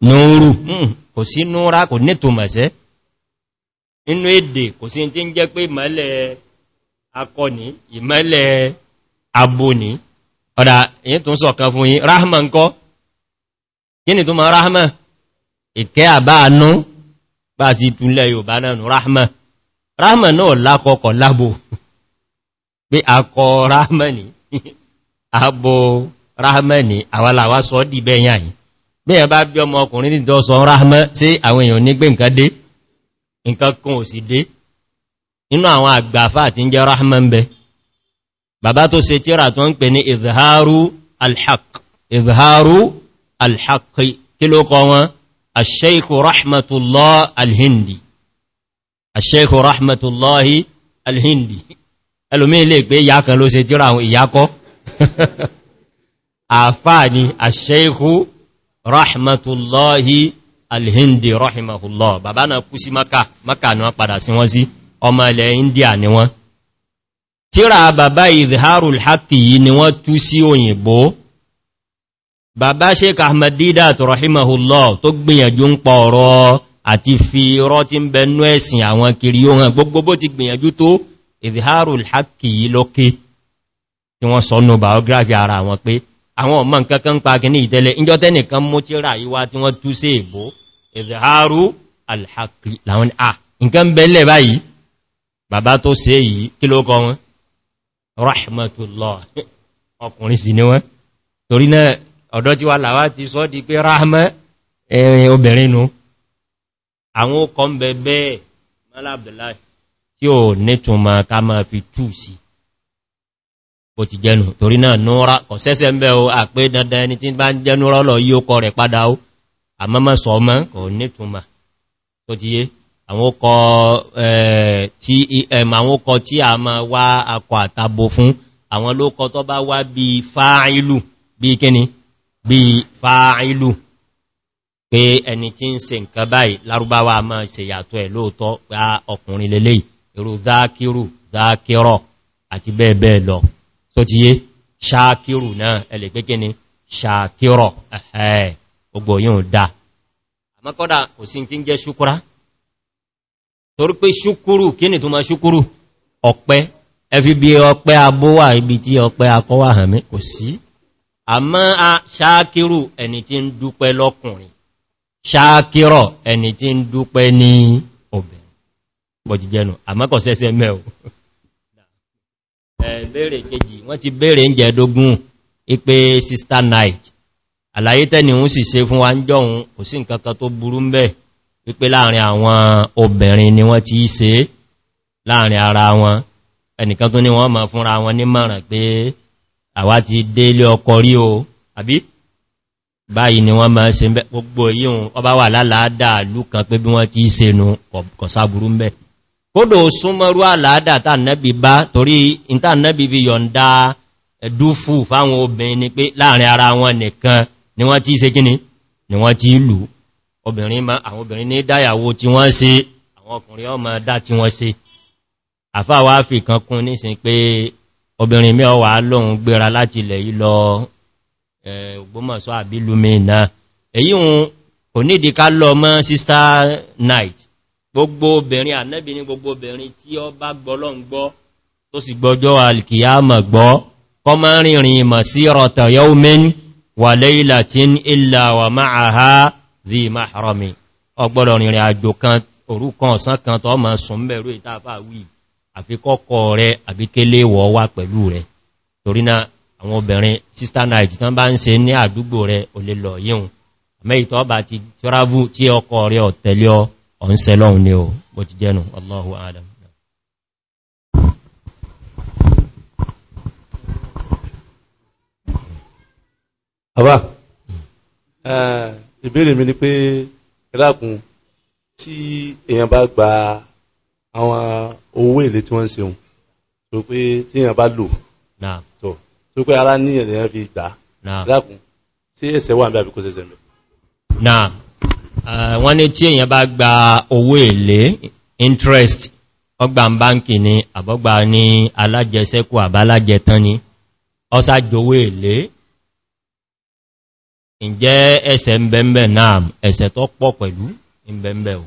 hmm, kò sí núúrà kò ní tó mọ̀sẹ́ inú èdè kò sí tí ń jẹ́ pé aboni ọ̀dà sọ kan fún rahman kọ́ kíni tó máa rahman ìkẹ́ bá ti túnlẹ̀ Yorùbá náà nù rahma rahma náà lákọkọ̀ lábò [LAUGHS] pé akọ rahma ní [LAUGHS] abo rahma ní àwàláwà sọ dìbẹ̀ yà yìí bí ẹ bá bí ọmọ ọkùnrin ní ìdọ́sọ rahma tí àwọn èèyàn ní gbé nǹkan dé nǹkan kan ò sì dé kí ló kọ wọn الشيخ رحمة الله الهندي الشيخ رحمة الله الهندي ẹlòmí lè pé ìyá kan ló ṣe tíra àwọn ìyákọ́ [LAUGHS] àfáà ni àṣẹ́ikú rahmatullahi alhindi rahimahullah bàbá náà kú sí maka maka ni wọ́n padà sí wọ́n sí ọmọ ilẹ̀ india ni wọ́n tíra bàbá ìdhárùl-hákì yìí ni wọ́n tú sí òyìnbó bàbá sheik ahmed didat rahimahullah tó gbìyànjú ń pọ̀ ọ̀rọ̀ àti fi rọ́ tí ń bẹnú ẹ̀sìn àwọn kiri yóò hàn gbogbo bó ti gbìyànjú tó ìdíhárùl haki yìí lókè tí wọ́n sọ́nà biography ara wọn pé àwọn ọmọ nǹkan kan pa kì ní ìtẹ́lẹ̀ ìjọ tẹ́nìkan mú tí ra ìwá tí wọ́n tú sí èbó ìdíhárù alhaki láwọn ọ̀dọ́ tí wà làwá ti sọ́ di pé ráhámẹ́ ẹ̀rin obìnrin nù àwọn ọkọ̀ ń bẹ bẹ́ẹ̀ mọ́lábẹ̀lá tí ò nítùnmọ̀ ká máa fi tú sí bó ti jẹnu torí náà núra kọ̀ sẹ́sẹ́ ń bẹ́ o àpé dandan ẹni tí bá ń jẹnu rọ́lọ̀ yíó kọ rẹ̀ padà ó àmọ́mọ́ sọ mọ́ kò nítùnmọ̀ tó ti yé àwọn ọkọ̀ tí a máa wá akọ̀ àtàbò fún àwọn lókọ tó bá wá bí fáìlù bí kíni bí fa'ílù pé ẹni tí ń ṣe nǹkan báyìí lárúbáwá ma ṣèyàtọ̀ ẹ̀ lóòtọ́ pé ọkùnrin lélẹ̀ irú dákírù dákírọ̀ àti bẹ́ẹ̀ bẹ́ẹ̀ lọ só ti yé ṣákírù náà ẹlẹ̀ pé kíni ṣákírọ̀ ẹ̀ẹ́ ogbò yíò dá àmọ́kọ́dà kò sí tí ń jẹ́ ṣúkúrá torí pé àmọ́ a ṣáàkírù ẹni tí ń dúpẹ́ lọ́kùnrin ṣáàkírọ̀ ẹni tí ń dúpẹ́ ní obìnrin bọ̀jìjẹnu àmọ́kọ̀sẹ́sẹ́ mẹ́o ẹ̀bẹ̀rẹ̀ kejì wọ́n ti bẹ̀rẹ̀ ń jẹ́dógún ipé sister night àlàyé tẹ́ni ń sì ṣe fún wa ń jọun kò sí nǹkankan tó burú ń bẹ̀ wípé láàrin àwọn obìnrin ni wọ́n ti ṣe láàrin ara wọn ẹnìkan tó ní wọ́n máa fúnra wọn ní mọ̀ràn pé àwá ti dé ilé ọkọ̀ rí o àbí báyìí ni wọ́n máa ṣe gbogbo yíò ọba wà láàdá àlú kan pé bí wọ́n ti ṣe nù kọ̀sáburú mẹ́ kódò súnmọ́rú àláàdà tà nẹ́bì bá torí ìta nẹ́bì fi yọ̀nda ẹ̀dúfù fáwọn obìnrin ni pé láàrin ara wọn nìkan ni wọ́n obìnrin mi ọwà lóhun gbéra láti ilẹ̀ ìlọ Ògbómọ̀ṣọ́ àbí lumina èyí hun kò nídi ká lọ mọ́ sister night gbogbo obìnrin ànẹ́bì ní gbogbo obìnrin tí ó bá gbọ́lọ́n gbọ́ tó sì gbọ́jọ́ alkiyama gbọ́ kọmọ rìnrìn mọ̀ sí rọ̀tọ̀ yaumin wà àfikọ́kọ́ rẹ̀ àbíkélé wọ́ wà pẹ̀lú rẹ̀ torínà àwọn obìnrin sister night tán bá ń se ní àdúgbò rẹ̀ o lè lọ yíun mẹ́ìtọ́ bá ti tíọ́ráfù tí ọkọ rẹ̀ ọ̀tẹ̀lẹ́ ni o bó ti jẹ́nu èèyàn àwọn owó èlé tí wọ́n ń seun tó pé tí èyàn bá lò tó tó pé ara ní èyàn fi gbà lákùn tí ẹsẹ̀ wà ń bẹ́ àbíkó sẹ́sẹ̀ mẹ́ eh, wọ́n ní tí èyàn bá gba owó èlé interest ọgbà báńkì ni àbọ́gbà ní alájẹsẹ́kù àbálájẹtán ni ọsá jowó èlé ǹjẹ́ ẹsẹ̀ ń bẹ̀m̀bẹ̀ náà ẹsẹ̀ tó pọ̀ pẹ̀lú ń bẹ̀m̀bẹ̀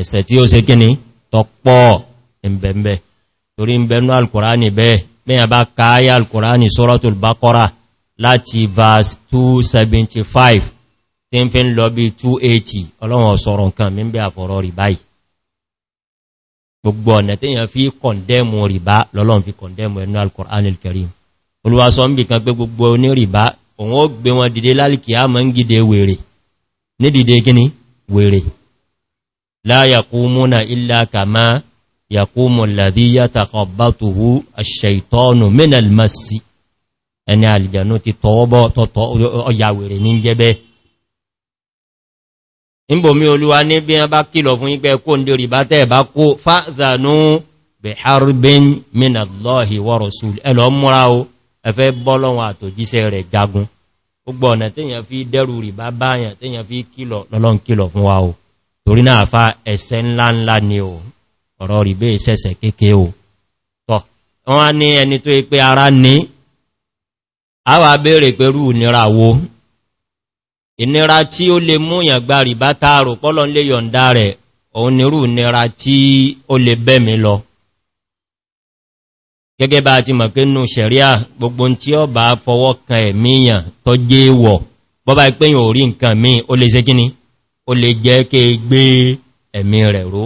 ẹsẹ̀ tí ó ṣe kíni tọ́pọ̀ ìbẹ̀m̀bẹ̀ torí ń bẹ̀nú alkùránì bẹ́ẹ̀ mẹ́yàn bá káyà alkùránì suratul Baqara láti verse 275 tí ń fi ń lọ bí 280 ọlọ́wọ̀n sọ̀rọ̀ nǹkan mi ń bẹ́ àfọ̀rọ̀ rìbá yìí gbogbo ọ̀nà tíyàn fi kọ̀ndẹ́mù rìbá lọ́lọ́n fi kọ̀ndẹ́mù ẹnu alkùránì karim olúwasọ́ ń bì kan pé gbogbo oní rìbá òun ó gbé wọn dìde lálìkì mọ́ ń gìde wèrè ní dìde kíní wèrè لا يقومون إلا كما يقوم الذي يتخبطه الشيطان من المس ẹni àlìjànú ti tọwọ́bọ́ tọ́tọ́ ọ̀yàwèrè ní jẹ́bẹ́ ìbòmí olúwa ní bí wọ́n bá kìlọ̀ fún ipẹ́ kó ń dèrì bá tẹ́ẹ̀ bá kó fa'zanú bí harbin minallahi wa rasul ẹlọ múra o ẹfẹ́ bọ́lọ́wọ́ àtòjíṣẹ́ rẹ̀ jagun gbogbo ọ̀nà tẹ́yàn fi dẹ́rù rì bá báyàn tẹ́yàn fi kìlọ̀ lọ́lọ́n kìlọ̀ fún wa o torí náà fa ẹ̀ṣẹ̀ ńláńlá ni o ọ̀rọ̀ rí bẹ́ ìṣẹ́ṣẹ̀ kéèké o tọ́ wọ́n á ní ẹni tó ipé ara ní a wà bèèrè pẹ̀rú ìnira wo ìnira tí ó lè mú ìyàgbà rìbá tààrù pọ́lọ̀ lè yọ̀ǹda rẹ̀ òun nírú ìnira tí ó lè bẹ́mi ó lè jẹ́ kí gbé ẹ̀mí rẹ̀ ró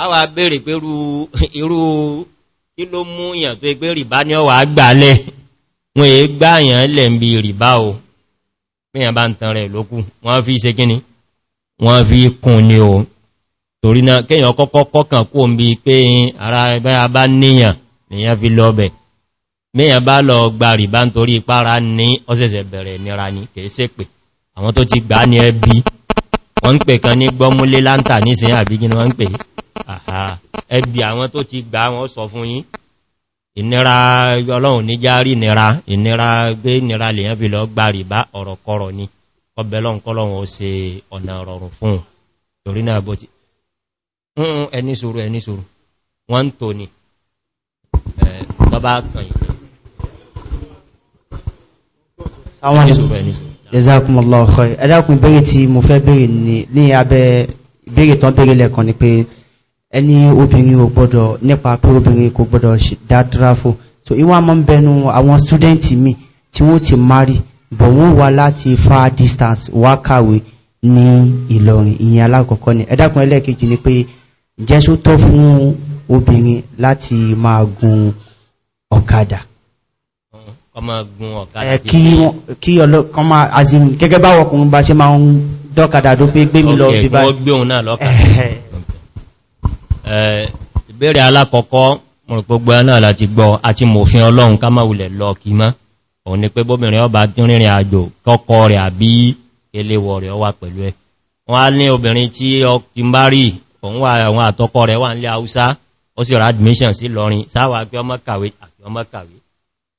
a wà bèèrè pé irú kí ló mú èyàn tó gbé rìbá ní ọwà gbálẹ̀ wọ́n èé gbáyàn lẹ̀ ń bí rìbá o pèyàn bá ń tan rẹ̀ lókù wọ́n fi ṣe kíní wọ́n fi kún ní o torí náà kéèyàn kọ́kọ́ kọ́kàn kó ń bí pé ara ẹgbẹ́ abá níyàn nìyàn fi lọ bẹ̀ mẹ́yàn bá lọ gba rìbá nítorí ipára ní ọ̀sẹ̀sẹ̀ bẹ̀rẹ̀ nira ní kèése pé àwọn tó ti gbà ní ẹbí wọ́n ń pè kan ní gbọ́múlé láńtà nísìn àbígínà wọ́n ń pè àhà ẹbí àwọn tó ti gbà wọn sọ fún yín ìnira ọlọ́run ní járí ìnira ìnira gbé ìnira lèyàn fi lọ gbà rìbá ọ̀rọ̀ kọrọ̀ ni ọbẹ̀lọ́nkọ́lọ́run ó se ọ̀nà rọrùn fún torí náà bó ti ẹni sòrò ẹni sòrò wọ́n tó ni bàbá kan jazakumullahu khair ẹ dákun ìbéèrè tí mo fẹ́ béèrè ní abẹ́ ìbéèrè tán béèrè lẹ́ẹ̀kan ni pé ẹni obìnrin ò gbọ́dọ̀ nípa pé obìnrin kò gbọ́dọ̀ dá dráfò so ìwà máa ń bẹnu àwọn stúdẹ́ǹtì mi tí wọ́n ti mari bọ̀ wọ́n wá láti far distance wá kàwé ní Ìlọrin ìyẹn alákọ̀ọ́kọ́ ni ẹ ẹlẹ́ẹ̀kejì ni pé jẹ́só tọ́ fún obìnrin láti máa gun ọ̀kadà ọmọ gun ọ̀kadà azim gẹ́gẹ́ bá wọkùnrin bá ṣe máa ń dọ́kadà tó pé gbé mi lọ bí bá gbé òun náà lọ́kadà ìbéèrè alákọ̀ọ́kọ́ mọ̀rọ̀pọ̀gbọ́ náà láti gbọ́ àti mòfin ọlọ́run ká máa wulẹ̀ lọ kí má òun ni pé bóbìnrin ọba tí rìnrìn àjò kọ́kọ́ rẹ̀ àbí eléwọ̀ rẹ̀ wà pẹ̀lú ẹ wọ́n á ní obìnrin tí ọkì bá rí òun wà àwọn àtọ́kọ́ rẹ̀ wà nílé haúsá ó sì rà admission sí lọrin sáwà pé ọmọ kàwé àti ọmọ kàwé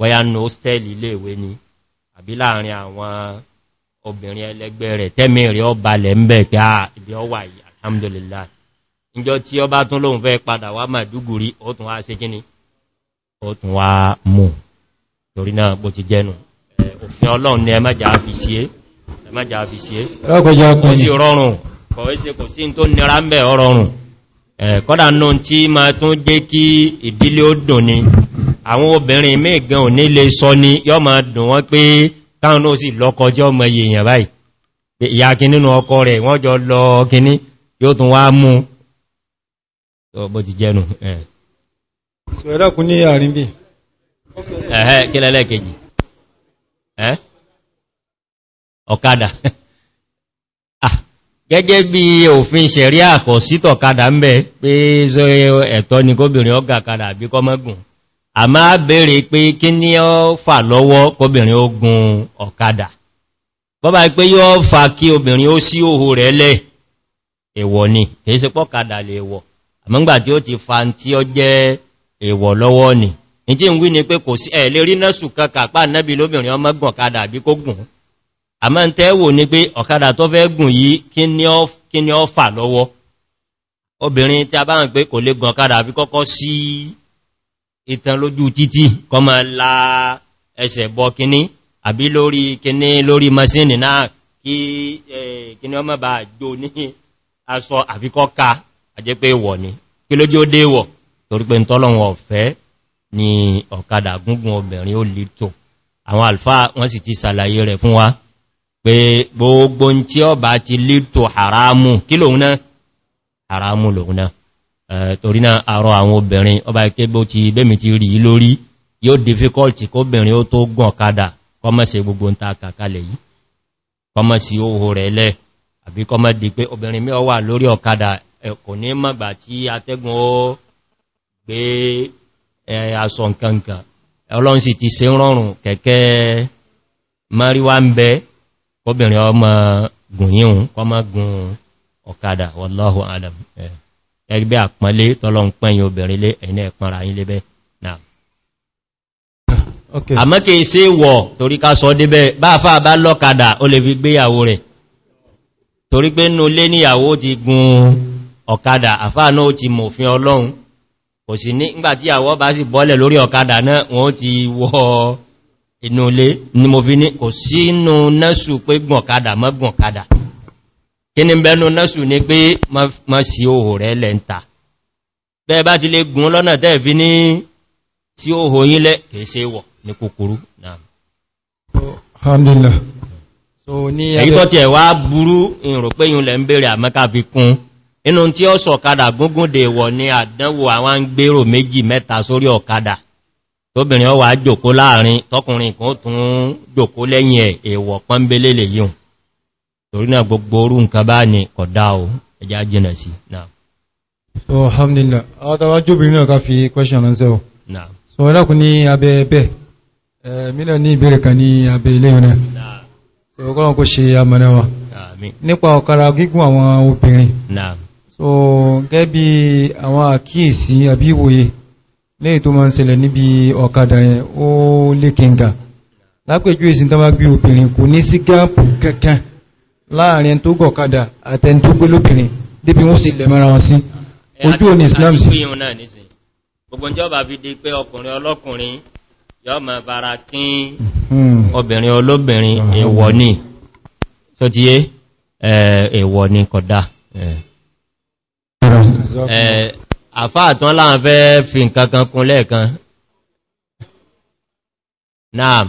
bọ́yá nù hóstẹ́lì iléèwé ni àbí láàrin àwọn obìnrin ẹlẹ́gbẹ́ rẹ̀ tẹ́mì rẹ̀ ọ balẹ̀ ń bẹ̀ pé à ah, ibi ọ yìí alhamdulillah ìjọ tí ọ bá tún lóun fẹ́ padà wá Maiduguri ó tún wá ṣe kíní ó tún wá mú torí náà bó ti jẹ́nu òfin Ọlọ́run ni ẹmẹ́jà fi sí fi sí kò sí tó nira ń bẹ̀ rọrùn kọ́dà náà tí ma tún jẹ́ kí ìdílé ó dùn ni àwọn obìnrin mẹ́gan òní lè sọ ní yọ́ ma dùn wọ́n pé táwọn ó sì lọ́kọjọ́ ọmọ èèyàn báyìí ìyá kí nínú ọkọ rẹ̀ wọ́n jọ lọ kíní yóò tún wá mú bó ti jẹnu [LAUGHS] ah, gẹ́gẹ́ bí òfin ṣẹ̀rí ń bẹ̀ pé ẹ̀tọ́ ni ọgà kadà àbíkọ́ mọ́gùn a ma bèèrè pé kí ní ọ fà lọ́wọ́ kóbìnrin ogun gun ọ̀kadà bọ́bá pé yóò fà kí obìnrin ó sí òhò rẹ̀ lẹ̀ èwọ̀ ni kìí ṣe pọ́kadà lè wọ̀ tí ti fa tí ó jẹ́ èwọ̀ lọ́wọ́ ni ní tí ń wí ni pé kò sí ẹ̀ rí nẹ́sù kankan nẹ́bí lóbìnrin ọmọ gùn ọ̀kadà àbí kó gùn àmọ́ ń tẹ́wò ni ọ fà lọ́wọ́ obìnrin tí a bá ń pé kò lè gùn ọ̀kadà àbí kọ́kọ́ ìtàn lójú títí kọ ma la ẹsẹ̀ bọ kíní àbí lórí kíní lórí masíni náà kí kíní ọmọ bá jò ní aṣọ àfikọ́ ká àjẹ́ pé wọ̀ ní kí lójú ó dé wọ̀ torí pé tọ́lọ̀wọ̀ ọ̀fẹ́ ni ọ̀kadà gúngun obìnrin ó lè tó àwọn alfáà wọ́n sì ti sàlàyé rẹ̀ fún wa pé gbogbo tí ọba ti lè tó haramu kí lòun náà haramu lòun náà Eh, torí náà àrọ àwọn obìnrin ọba ike bó ti bẹ́mi ti rí lori yóò difficulty kó bìnrin ó tó gùn kadà kọmọ́sí gbogbo ń ta kàkalẹ̀ yìí kọmọ́sí oho rẹ̀ lẹ́ àbí kọmọ́ di pé obìnrin mẹ́ wà lórí ọ̀kadà kò ní mọ̀gbà tí atẹ́gùn ó gbé aṣọ nkankan ọlọ́run sì ti se rọrùn kẹ̀kẹ́ mariwa ń bẹ kọbìnrin ọmọ gùn yíhun kọmọ́ gùn ọ̀kadà wallahu ẹgbẹ́ àpọ́nlé tọ́lọ ń pẹ́yìn obìnrin lé ẹ̀yìn ẹ̀pọ̀nra yìí lébẹ́ náà àmọ́ kí í sí wọ̀ torí ká sọ débẹ̀ bá fà bá lọ́kadà ó lè fi gbéyàwó rẹ̀ torí pé nú lé níyàwó ti gun ọ̀kadà àfà náà ti mòfin ọlọ́run kò sí nígbàtí àwọ́ bá sì bọ́lẹ̀ lórí ọ̀kadà náà wọ́n ti wọ inú lé ni mo fi ní kò sí inú nẹ́sù pé gbọ̀n ọ̀kadà mọ́ ọ̀kadà kí ni bẹnu nẹ́sù ní pé ma sí ohò rẹ̀ lẹ́ntà bẹ́ẹ̀ bá ti lè gùn lọ́nà tẹ́ẹ̀fí ní sí ohò yílẹ̀ kèèṣe wọ̀ ní kòkòrò náà alhamdulillah so ní èyí tó ti ẹ̀ wá burú ìrò pé yìí lẹ ń bèèrè àmẹ́ká fi kún inú tí ó sọ ọ̀kadà gúngún dè wọ̀ ní àdánwò àwọn ń gbèrò méjì mẹ́ta sórí kan tún jòkó torí náà gbogbo orú nǹkan bá ní kọ̀dá o ẹjá jìnà sí so alhamdulillah àwọ́tawà jóbìnrin náà ká fi question ránṣẹ́ so ẹlákùn ní abẹ́ ẹbẹ́ mílẹ̀ ní ìbéèrè kan ní so ọgọ́rùn kó ṣe amọ̀nẹ́wà nípa ọ̀kara gígùn àwọn obìnrin so gẹ́ bí àwọn àkíyèsí àbí ìwòye lẹ́yìn tó máa ń ṣẹlẹ̀ níbi ọ̀kadà yẹn ó lékèǹgà lápẹjú èsì tó bá gbé obìnrin kò ní sí gáàpù kankan láàrin tó gọ̀kadà àtẹni tó gbé lóbìnrin débi wọ́n sì lẹ̀mọ́ra wọn sí ojú òní Islam sí gbogbo ìjọba fi di pé ọkùnrin ọlọ́kùnrin yọ ma fara kín hmm. obìnrin olóbìnrin èwọ̀ ni tó ti yé èwọ̀ ni kódà naam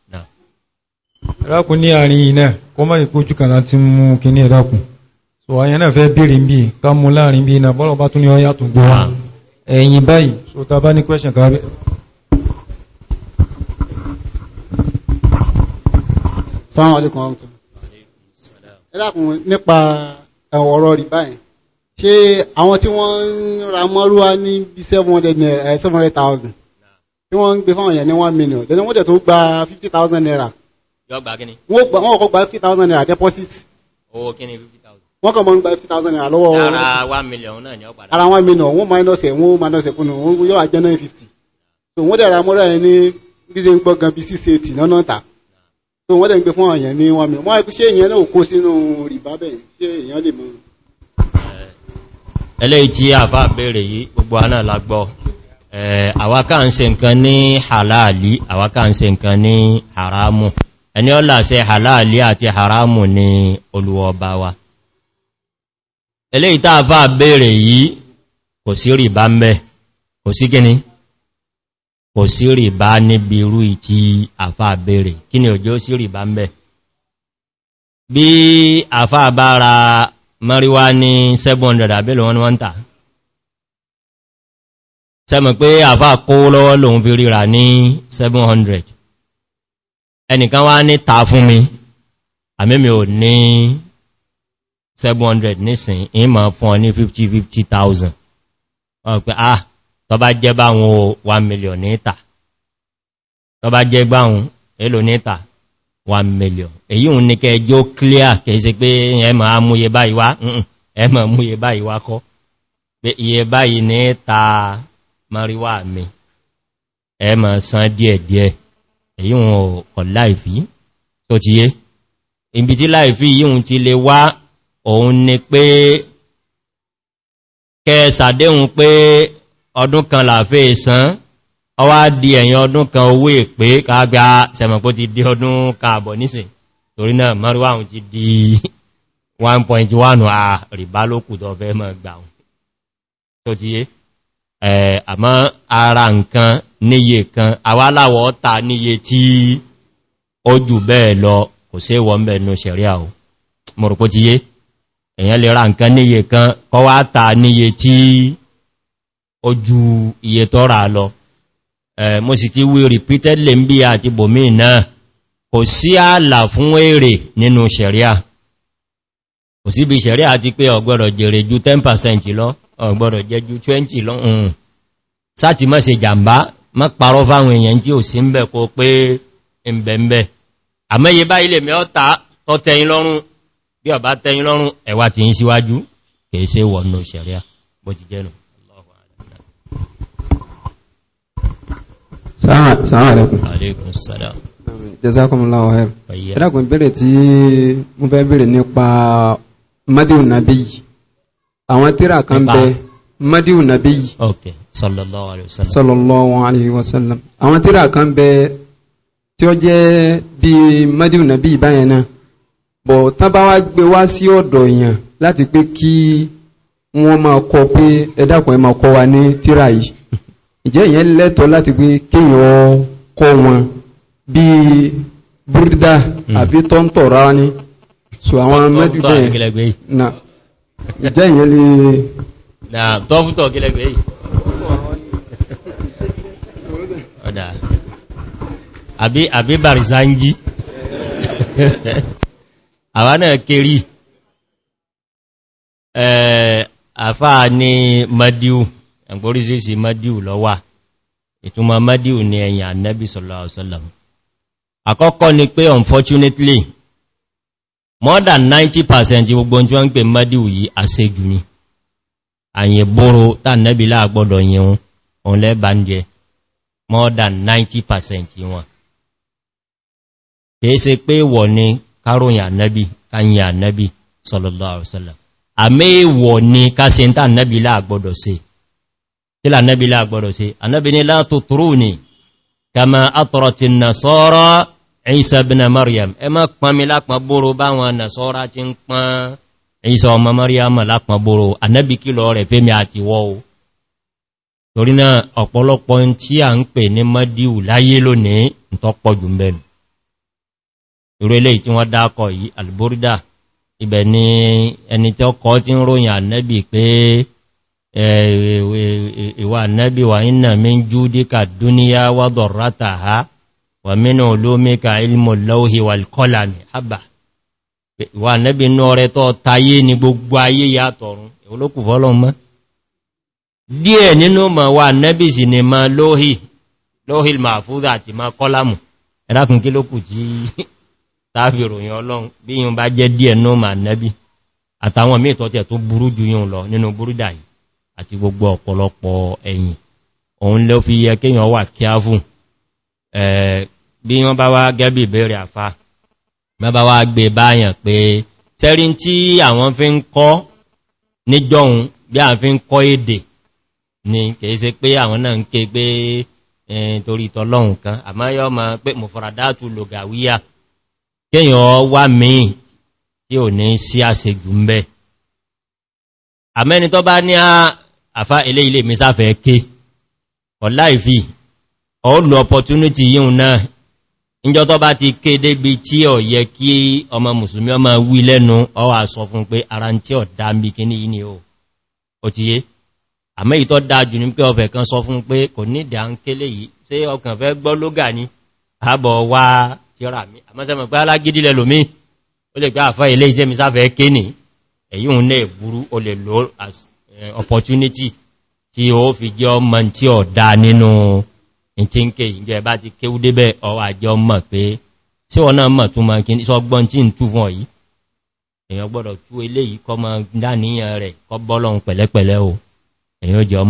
ẹ̀rákùn ní àárín iná kó má ìkójú kan láti mú kí ní ẹ̀rákùn so àyẹn náà fẹ́ bèèrè ń bí ká mú láàrin bí iná bọ́lọ̀ bá tún ní ọyá tó gbọ́ ẹ̀yìn báyìí so ta bá ní question kan rẹ̀ Assalamu alaikum ẹ̀rákùn nípa ọ̀rọ̀ rí báyìí ṣé àwọn tí wọ́n ń ra mọ́rúwá ní bí 700,000 tí wọ́n ń gbé fáwọn èèyàn ní 1 million lẹ́nu wọ́n dẹ̀ tó gba 50,000 naira yọ́gbà wọ́n kọ́ gba 50,000 naira deposit owó kíni 50,000 wọ́n kọ́ mọ́ gba 50,000 naira lọ́wọ́ ara 1 million náà ni ọ̀padà ara 1 million wọ́n minus ẹ̀ wọ́n wọ́n so wọ́n dẹ̀ra mọ́ra ẹ̀ ní bí ṣe ń gbọ́ gan bí 680 lọ́nà ta so wọ́n dẹ̀ ń gbé fún ọ̀yàn ní 1 million wọ́n ṣe èèyàn náà kó sínú rìbá bẹ́ẹ̀ ṣe èèyàn lè mọ́ eléyìí tí àfá béèrè yìí gbogbo aná lagbọ́ àwa ká ń ṣe nǹkan ní halali àwa ń ṣe nǹkan ní haramu ẹni ọlá ṣe halali àti haramu ni olùwọba wa eléyìí tá fà bèèrè yìí kò sí rìbá ń bẹ kò sí kíní kò sí rìbá níbi irú ìtí àfà bèèrè kíni òjò sí rìbá ń bẹ bí àfà bá ra mọ́ríwá ní 700 àbílò wọn wọ́n tà sẹ́mọ̀ pé àfà kó lọ́wọ́ lòun fi ríra ní 700 ẹnìkan wá ní ta fún mi àmìmì ò ní 700 nísìn ìmọ̀ fún ọ ní 50000 wọ́n pẹ̀ ah tọ bá jẹ́ bá wọn 1 million níta tọ bá jẹ́ bá wọn èlò níta 1 million èyí ń ní kẹjọ́ clear kẹsí pé ẹmọ̀ amúye báyìí wá ẹmọ̀ amúye báyìí wá kọ́ pé iye báyìí ní ta mariwa mi ẹmọ̀ san díẹ̀díẹ̀ èyí wọn ọ̀ láìfí tó ti yé ibi tí láìfí yíhun ti lè wá òun ni pé kẹsàdéhun pé ọdún kan làfẹ́ ìsán ọwá di ẹ̀yìn ọdún kan owó ìpé kágbà sẹ̀mọ̀pó ti di ọdún kààbọ̀ nísìn torí náà mọ́rúwà òun ti di 1.1 àrìbá lókù tó mọ́ gbà níye kan àwá aláwọ̀ ọ́ta níye tí ó jù bẹ́ẹ̀ lọ kò sí wọ́n bẹ̀ẹ̀nù sẹ̀ríà ò mọ̀rùpó ti yé èyàn lè ra nǹkan níye kan kọ́ wá ta níye tí ó jù iye tọ́ra lọ mo sì ti wí repeated lè ń bí àti bòmí náà kò sí ààlà fún èrè nínú sẹ̀ríà kò sí bí sẹ̀ríà ti pé ọgbọ́dọ̀ jèrè ju 10% lọ ọgbọ́dọ̀ jẹ ju 20 lọ mm. sáti mọ́ se jàmbá má parọ́ fáwọn èèyàn tí ò sí ń bẹ̀ kó pé ẹ̀mbẹ̀mbẹ̀ àmẹ́yẹ bá ilẹ̀ mẹ́ọ́ta tọ́ tẹ́yìn lọ́rùn bí ó bá tẹ́yìn lọ́rùn ẹ̀wà tí ń síwájú kìí ṣe wọ̀nà ṣẹ̀ríà bó ti jẹ́nu àwọn tíra kan bẹ madiu nabi okay sallallahu alaihi wasallam sallallahu alaihi wasallam àwọn tírà kan bẹ tí ó jẹ́ bí madiu nabi báyẹn náà bọ̀ tán bá wá gbé wá sí ọ̀dọ̀ èèyàn láti pé kí wọ́n máa kọ pé ẹ dákun ẹ máa kọ wa ní tírà yìí ìjẹ́ ìyẹn lẹ́tọ̀ọ́ láti pé kéèyàn kọ wọn bí búrídà hmm. àbí tọ́ntọ̀ rárá ní so àwọn mẹ́dùn bẹ́ẹ̀ ìjẹ́ ìyẹn lè na tọ́fútọ̀ gẹ́lẹ́gbẹ̀ yìí ọ̀dá àbí àbí bàrìsáńjí àwa náà kiri àfáà eh, ní madiu ẹgbóríṣìíṣìí madiu lọ́wà ìtumọ̀ madiu ní ẹ̀yìn annabi sallallahu alaihi àkọ́kọ́ ni pé unfortunately more than 90% gbogbo tí wọ́n ń pè madiu yìí àṣejù ni àyẹ̀bóró tánẹ́bílá àgbọ́dọ̀ yẹun òun lẹ́bà ń jẹ more than 90% wọn kìí ṣe pé wọ̀ ni káròyìn ànẹ́bí káyìn ànẹ́bí sallallahu alaihi wasallam àmẹ́wọ̀ ni káṣe ń tánẹ́bílá àgbọ́dọ̀ ṣe kí lánẹ́bílá àgbọ́dọ̀ ṣe ànẹ́bí ni la tutruni kama atrati nasara Isa ibn Maryam ẹ má pọn mi lápọn ìsọ ọmọ maryama lápọ̀bòrò kí lọ rẹ̀ fẹ́mi àti wọ́ o torí náà ọ̀pọ̀lọpọ̀ tí a ń pè ní mọ́díù láyé lónìí tọ́pọ̀ jù mẹ́nu irú ilé tí wọ́n dákọ̀ yìí alborida ibẹ̀ ni ẹni tí tí ń ròyìn pé ìwà wà dúníyà wádọ̀rátà ha ìwà nẹ́bí inú ọrẹ tó tayé ní gbogbo ayé yàtọ̀run olókù fọ́lọ́n mọ́ díẹ̀ nínú ma wà nẹ́bí sì ni ma lóhì lóhì mahfúdà àti ma kọ́lámù ẹ̀dákùn kí lókù tí [LAUGHS] tàbí ọlọ́run bí yíò bá jẹ́ díẹ̀ nínú ma nẹ́bí àtàwọn míì tó tẹ̀ tó burú ju yíò lọ nínú burúdà yìí àti gbogbo ọ̀pọ̀lọpọ̀ ẹ̀yìn òun ló fi mẹ́bà wá gbé báyàn pé tẹ́rí tí àwọn fi ń kọ́ níjọun bí a fi ń kọ́ èdè ni kìí ṣe pé àwọn náà ń ké pé torí tọ́lọ́hun kan àmá yọ́ ma pé mọ̀fọ̀ràdátù lògàwíyà kéèyàn wá míì tí ò ní sí àṣejù ń bẹ́ àmẹ́ni tó bá ní àfá ilé ilé mi sáfẹ́ ké ọ̀láìfì ọ̀lù opportunity yíò náà ìjọ tó bá ti kéde bí tí ọ̀ yẹ kí ọmọ mùsùlùmí ọmọ wí lẹ́nu ọwà sọ fún pé ara ń tí ọ̀ dá mi kí ní ìní o ò ti yé àmẹ́ ìtọ́ dájú ní pé ọfẹ̀ kan sọ fún pé kò ní ìdá ń kélé yìí tí ọkàn fẹ́ gbọ́ lógà ní àbọ̀ wá tíra mi àmọ́sẹ́mọ̀ pé alágídílẹ̀ lómi ó lè gbá àfá ilé ìjẹ́mi sáfẹ́ ké ní èyí ń lè burú eh, opportunity tí ó fi jẹ́ no in ti ń ké ìjẹ́ bá ti kéwú débẹ̀ ọwà jẹ́ ọmọ pé sí wọn náà mọ̀ tún ma kí ní sọgbọ́n tí ń tú fún ọ̀yí èyàn gbọ́dọ̀ tú eléyìí kọ́ ma dáníyàn rẹ̀ kọ́ bọ́lọ̀un pẹ̀lẹ́pẹ̀lẹ́ o èyàn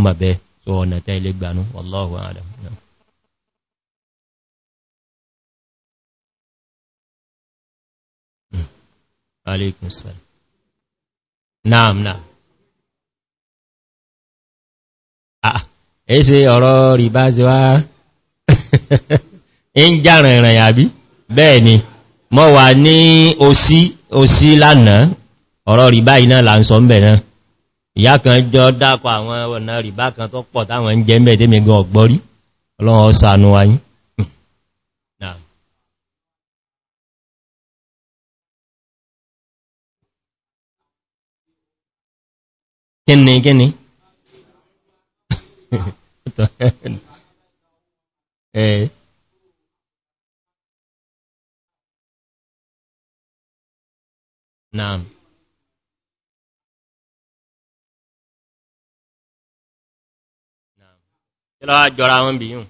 ese ah, ọ̀rọ̀ ribá ti [LAUGHS] ń jàrìn ìrìn àbí bẹ́ẹ̀ ni mọ́ wà ní òsí òsí lánàá ọ̀rọ̀ rìbá iná là ń sọ ń bẹ̀ náà ìyá kan jọ dápọ̀ àwọn ọ̀nà rìbá kan tó pọ̀ táwọn ń jẹ́ ń bẹ̀ dé mẹ́gan ọ̀gbọ́rí ọlọ́run ọ̀sánú wáyín [LAUGHS] [LAUGHS] ẹ̀ naam kílọ́ àjọra wọn bí yùn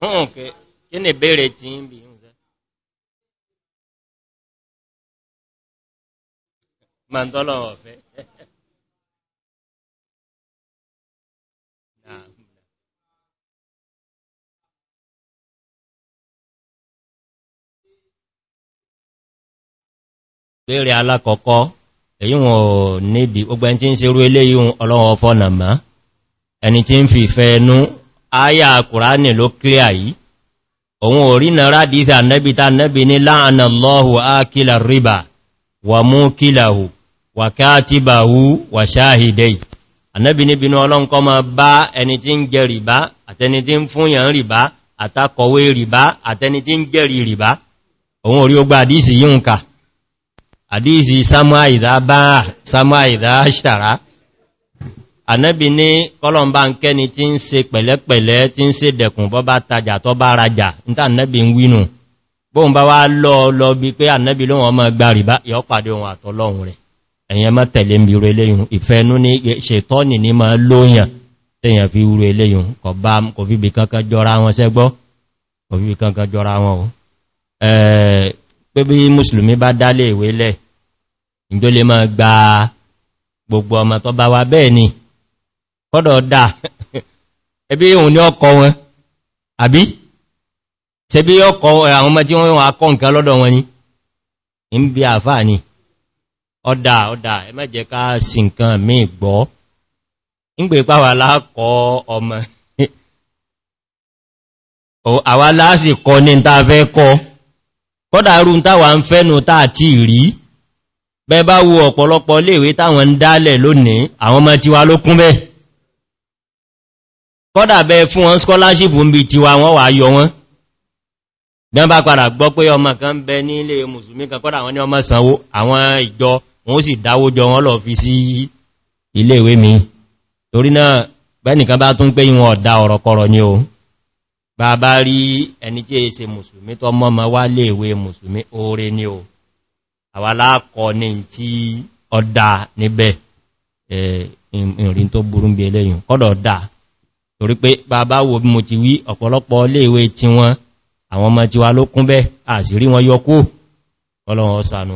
hùn kí ní bèèrè tí ń bí yùn sẹ́ ma ń tọ́lọ̀ ọ̀fẹ́ ìbéèrè alákọ̀ọ́kọ́ èyí wọn ò nídi gbogbo ẹni tí ń serú ilé yíò ọlọ́wọ́ fọ́nà má ẹni tí ń fi ìfẹ́ ẹnu ayà kùránì ló kílíà yìí òun orí na rádìíta nẹ́bí ta nẹ́bí ní láàánà lọ́hù ákílà ríbà wà mú kílàhù wà káàtìbàhù wà ṣáhìdẹ̀ ànẹ́bí níbi ní ọlọ́nkọ́ ma bá ẹni tí ń jẹ rìbá àtẹni tí ń fúnyàn rìbá òun orí ó àdísì yíò ń kà àdízi samuwa ìdá ṣtara ànẹ́bì ní kọlọmbá ń kẹ́ni tí ń ṣe pẹ̀lẹ́pẹ̀lẹ́ tí ń ṣe dẹ̀kùn bọ́ bá tajà tọ́ bá rajà níta ànẹ́bì ń wínú bóhun bá wá lọ lọ bí pé ànẹ́bì lóhun ọmọ gbàrì bá yọ pàdé ohun àtọ́lọ́hun rẹ̀ ẹ̀yẹn mọ́ tẹ̀lé mi rẹ̀ léyìn ìfẹ́nú ní ṣètọ́nì ní ma lóyàn tẹ́yàn fi rẹ̀ léyìn kọ bá kò fi bí kankan jọra wọn sẹ́gbọ́ kò fi bí kankan jọra wọn pé bí mùsùlùmí bá dálé ìwé lẹ̀ ìjọ lè máa gba gbogbo ọmọ tó bá wá bẹ́ẹ̀ ni kọ́dọ̀ dà [LAUGHS] ẹbí òun ní ọkọ̀ wọn àbí ṣe bí ọkọ̀ àwọn ọmọ tí wọ́n wọ́n akọ́ nǹkan lọ́dọ̀ wọn ni ń bí àfáà ni ọ̀dà ọ̀dà ẹ má jẹ́ ká sí nǹkan míì gbọ́ ń pàwà láàkọ́ ọmọ [LAUGHS] àwa láàsì ní ta fẹ́ kọ́ kọ́dà rún táwà ń fẹ́nu táà tí rí bẹ bá wo ọ̀pọ̀lọpọ̀ léèwé táwọn ń dálẹ̀ lónìí àwọn ọmọ tiwa ló kún bẹ́ kọ́dà bẹ fún wọn scholarship ń bí tiwa wọ́n wà yọ wọn dán bá padà gbọ́ pé ọmọ kan bẹ ní ilé mùsùlùmí kan kọ́dà wọn ní ọmọ sanwó àwọn ìjọ wọn sì dáwójọ wọn lọ fi sí ilé ìwé mi torí náà bẹ́nìkan bá tún pé ìwọ̀n ọ̀dá ọ̀rọ̀kọ̀rọ̀ ni o bàbá rí ẹni tí èsẹ mùsùlùmí tó mọ́ ma wá lè ìwé mùsùlùmí oore ni o àwà láàkọ ní tí ọdá níbẹ̀ ìrìn tó burú bí ẹlẹ́yìn kọ́dọ̀ dá torí pé bàbá wo bí mo ti wí ọ̀pọ̀lọpọ̀ lè ìwé tí wọ́n àwọn ọmọ tí wá ló kún bẹ́ àṣírí wọn yọkú ọlọ́run ọ̀sánú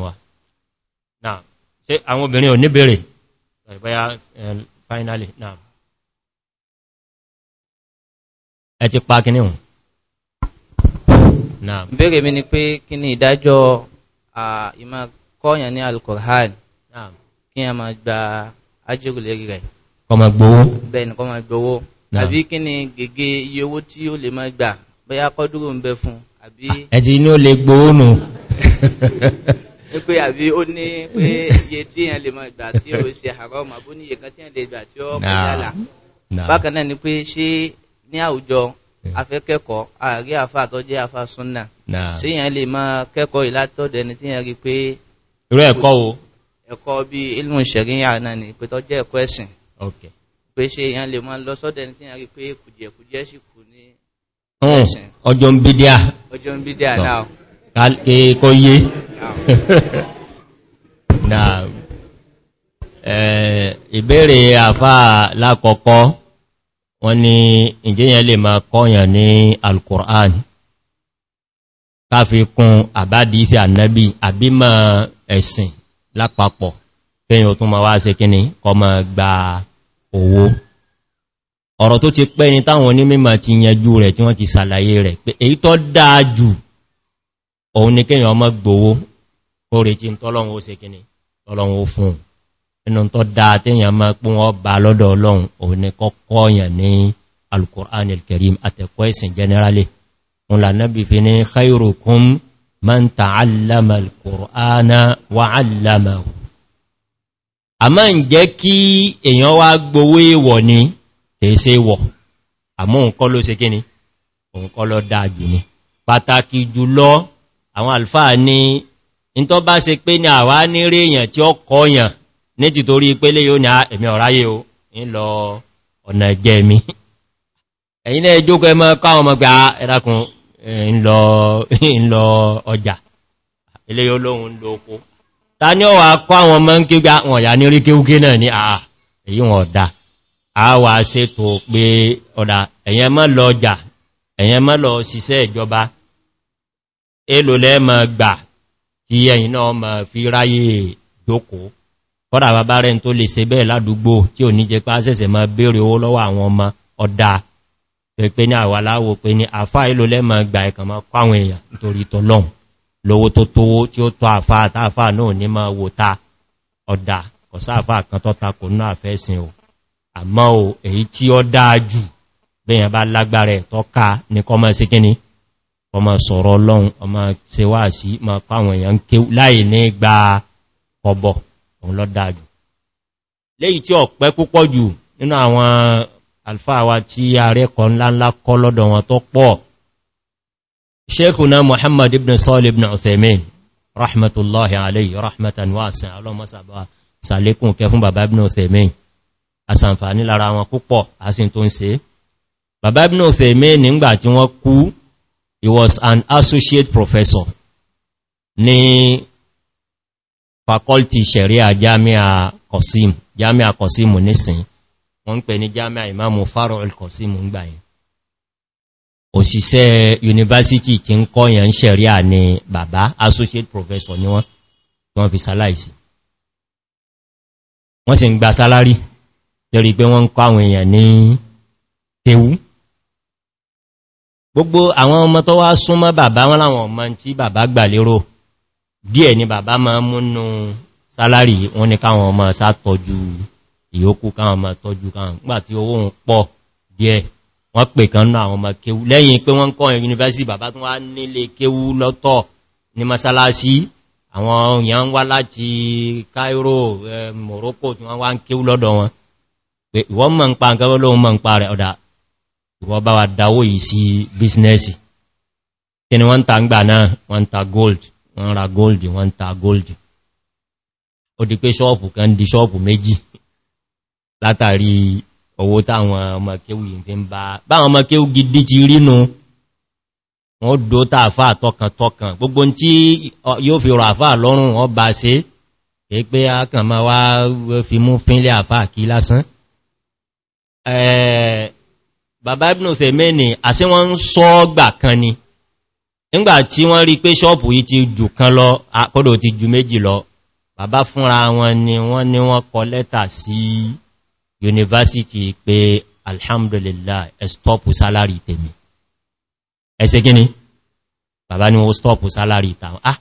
finally náà ẹ ti pa kíní hùn náà béèrè mi ni pé kí ni ìdájọ́ ìmá kọ́yàn ní alkùrán kí a máa gba ajírù lérí rẹ̀ kọmọ gbówó bẹ́ẹ̀ni kọmọ gbówó àbí kí ni gègé iye owó tí ó lè máa gbà bóyá kọ́dúrò ń bẹ fún àbí ẹ̀tì inú lè gbówó nù pé àbí ó ní pé iye tí èèyàn lè máa gbà tí ó ṣe àrọ́ màbó ní iye kan tí èèyàn lè gbà tí ó kọjá là bákan náà ni pé ṣé ní àwùjọ afẹ́kẹ́kọ̀ọ́ àárí àfà tó jẹ́ àfà súnnà ṣe yẹn lè máa kẹ́kọ̀ọ́ ìlátọ́dọ̀ ẹni tí yẹn rí pé irú ẹ̀kọ́ wo ẹ̀kọ́ bí ilmù ṣẹ̀ríyà náà ni pé tó jẹ́ ẹ̀kọ́ ẹ̀sìn pé ṣe yẹn lè máa lọ sọ́dọ̀ ẹni tí yẹn rí pé kùjẹ̀kùjẹ́ sì kù ní hmm. [LAUGHS] eh, àfà lákọ̀ọ́kọ́ wọ́n ní ìjẹyàn lè máa kọ́yàn ní alkùránì káfíkún àbádìífẹ́ ànábí àbí ma ẹ̀sìn lápapọ̀ kíyàn ó tún ma wá ṣe kíní kọ ma gba owó ọ̀rọ̀ tó ti pẹ́ ni táwọn onímọ̀ ti yanjú rẹ̀ tí wọ́n ti sàlàyé rẹ̀ pé èyí tó dáa jù òun ni kíyàn ọmọ gbowó kó retí tọ́lọ́run ó kíní tọ́lọ́run fún un inú tó dáa tí èyàn máa pún ọba lọ́dọ̀ ọlọ́run òun ni kọ́kọ́ yàn ní al-Qur'an al-Karim àtẹ̀kọ́ ìsìn generally wọn lànàbì fi ní khairukum man ta'allama al-Qur'ana wa 'allamahu a máa ń jẹ́ kí èyàn wá gbowó ìwọ̀ ni kèése wọ̀ àmọ́ òǹkọ́ ló ṣe kíni òǹkọ́ lọ dáa jù ni pàtàkì jùlọ àwọn àlfáà ni in tó bá ṣe pé ní àwá ní èyàn tí ó kọ́yàn ní ti torí pélé yóò ní ẹ̀mí ah, ọ̀ráyé o ń lọ ọ̀nà ẹ̀jẹ́ mi ẹ̀yìn náà jókọ ẹmọ káwọn ọmọ pé a ah, ẹ̀rakùn ń lọ ọjà ilé yóò lóhun ń lóko ta ní ọwà kọ́ àwọn ọmọ ń kígbà ah, wọn yà ní orí náà ní àà èyí wọn a wà ṣètò pé ọ̀dá ẹ̀yẹn mọ́ lọ ọjà ẹ̀yẹn mọ́ lọ ṣiṣẹ́ ìjọba èlò lẹ́ẹ̀mọ̀ gbà tí ẹ̀yìn náà mọ̀ fi ráyè jókòó kọ́dà bàbá rẹ̀ tó lè ṣe bẹ́ẹ̀ ládúgbò tí ò ní jẹ pá sẹ́sẹ̀ máa béèrè owó lọ́wọ́ àwọn ọmọ ọ̀dá pé ní àwà láwò pé ní àfá ìlò lẹ́mọ̀ gbà ẹ̀kàn máa pàwọn èèyàn nítorí tọ́lọ́un lówó tó tówó tí ó tọ́ àfá àtàfà náà ní máa wò ta ọ̀dà ọ̀sáàfà kan tọ́ta kò ọmọ sọ̀rọ̀ ọlọ́run ọmọ sewáàsí máa pàwọn èèyàn láì ní gba ọbọ̀ òun lọ dájú léyìí tí ọ̀pẹ́ púpọ̀ jù nínú àwọn alfáà tí ààrẹ kọ ńláńlá kọ́ lọ́dọ̀ wọn tó pọ̀ sheikhuna muhammad ibn sọ́ọ̀lì ibn uthaymin rahmatullahi alayhi rahmatan wasan alọ́mọ́sàbá sàlékùn kẹ fún bàbá ibn uthaymin asànfàní lára wọn púpọ̀ asin tó ń se bàbá ibn uthaymin nígbà tí wọ́n kú he was an associate professor ní faculty sharia jami'a qasim jami'a qasim nísìn wọ́n ń pè ní jami'a imamu faro al-qasim ń gbàyìn òṣìṣẹ́ yunifásitì tí ń kọ́yàn sharia ni bàbá associate professor ni wọ́n wọ́n fi sáláìsì wọ́n sì ń gba sálárì lórí pé wọ́n ń kọ́ àwọn èèyàn ní tewu díẹ̀ ni bàbá máa múnú sálárì wọ́n ní káwọn ọmọ sátọ́jú ìyókù káwọn ọmọ tọ́jú káwọn nígbà tí owó ń pọ̀ díẹ̀ wọ́n pè kan náà àwọn ọmọ kéwú lẹ́yìn pé wọ́n kọ́ yunifásitì bàbá tún wá nílé kéwú lọ́tọ̀ ní masalasi àwọn èèyàn wá láti Cairo Morocco tí wọ́n wá ń kéwú lọ́dọ̀ wọn pé ìwọ́n mọ̀ ń pa nǹkan lóhun mọ̀ ń pa rẹ̀ ọ̀dà ìwọ́n bá wa dáwó yìí sí bísínẹ́sì kí ni wọ́n ta ń gbà náà wọ́n ta gold wọ́n ra gold wọ́n ta gold ó di pé ṣọ́ọ̀pù kan di ṣọ́ọ̀pù méjì látàrí owó táwọn ọmọ kéwù yìí fi ń bá báwọn ọmọ kéwù gidi ti rínú wọ́n dó tààfà tọkàntọkàn gbogbo tí yóò fi rọ àfà lọ́rùn wọ́n bá ṣe é pé a kàn máa wá fi mú fínlẹ̀ àfà kí lásán bàbá ibn Thaymeen àṣí wọ́n ń sọ kan ni nígbà tí wọ́n rí pé ṣọ́ọ̀pù yìí ti jù kan lọ àkọ́dọ̀ ti jù méjì lọ bàbá fúnra wọn ni wọ́n ní wọ́n kọ lẹ́tà sí yunifásitì pé alhamdulillah ẹ stọ́pù sálárì tèmi ni wọ́n stọ́pù sálárì ah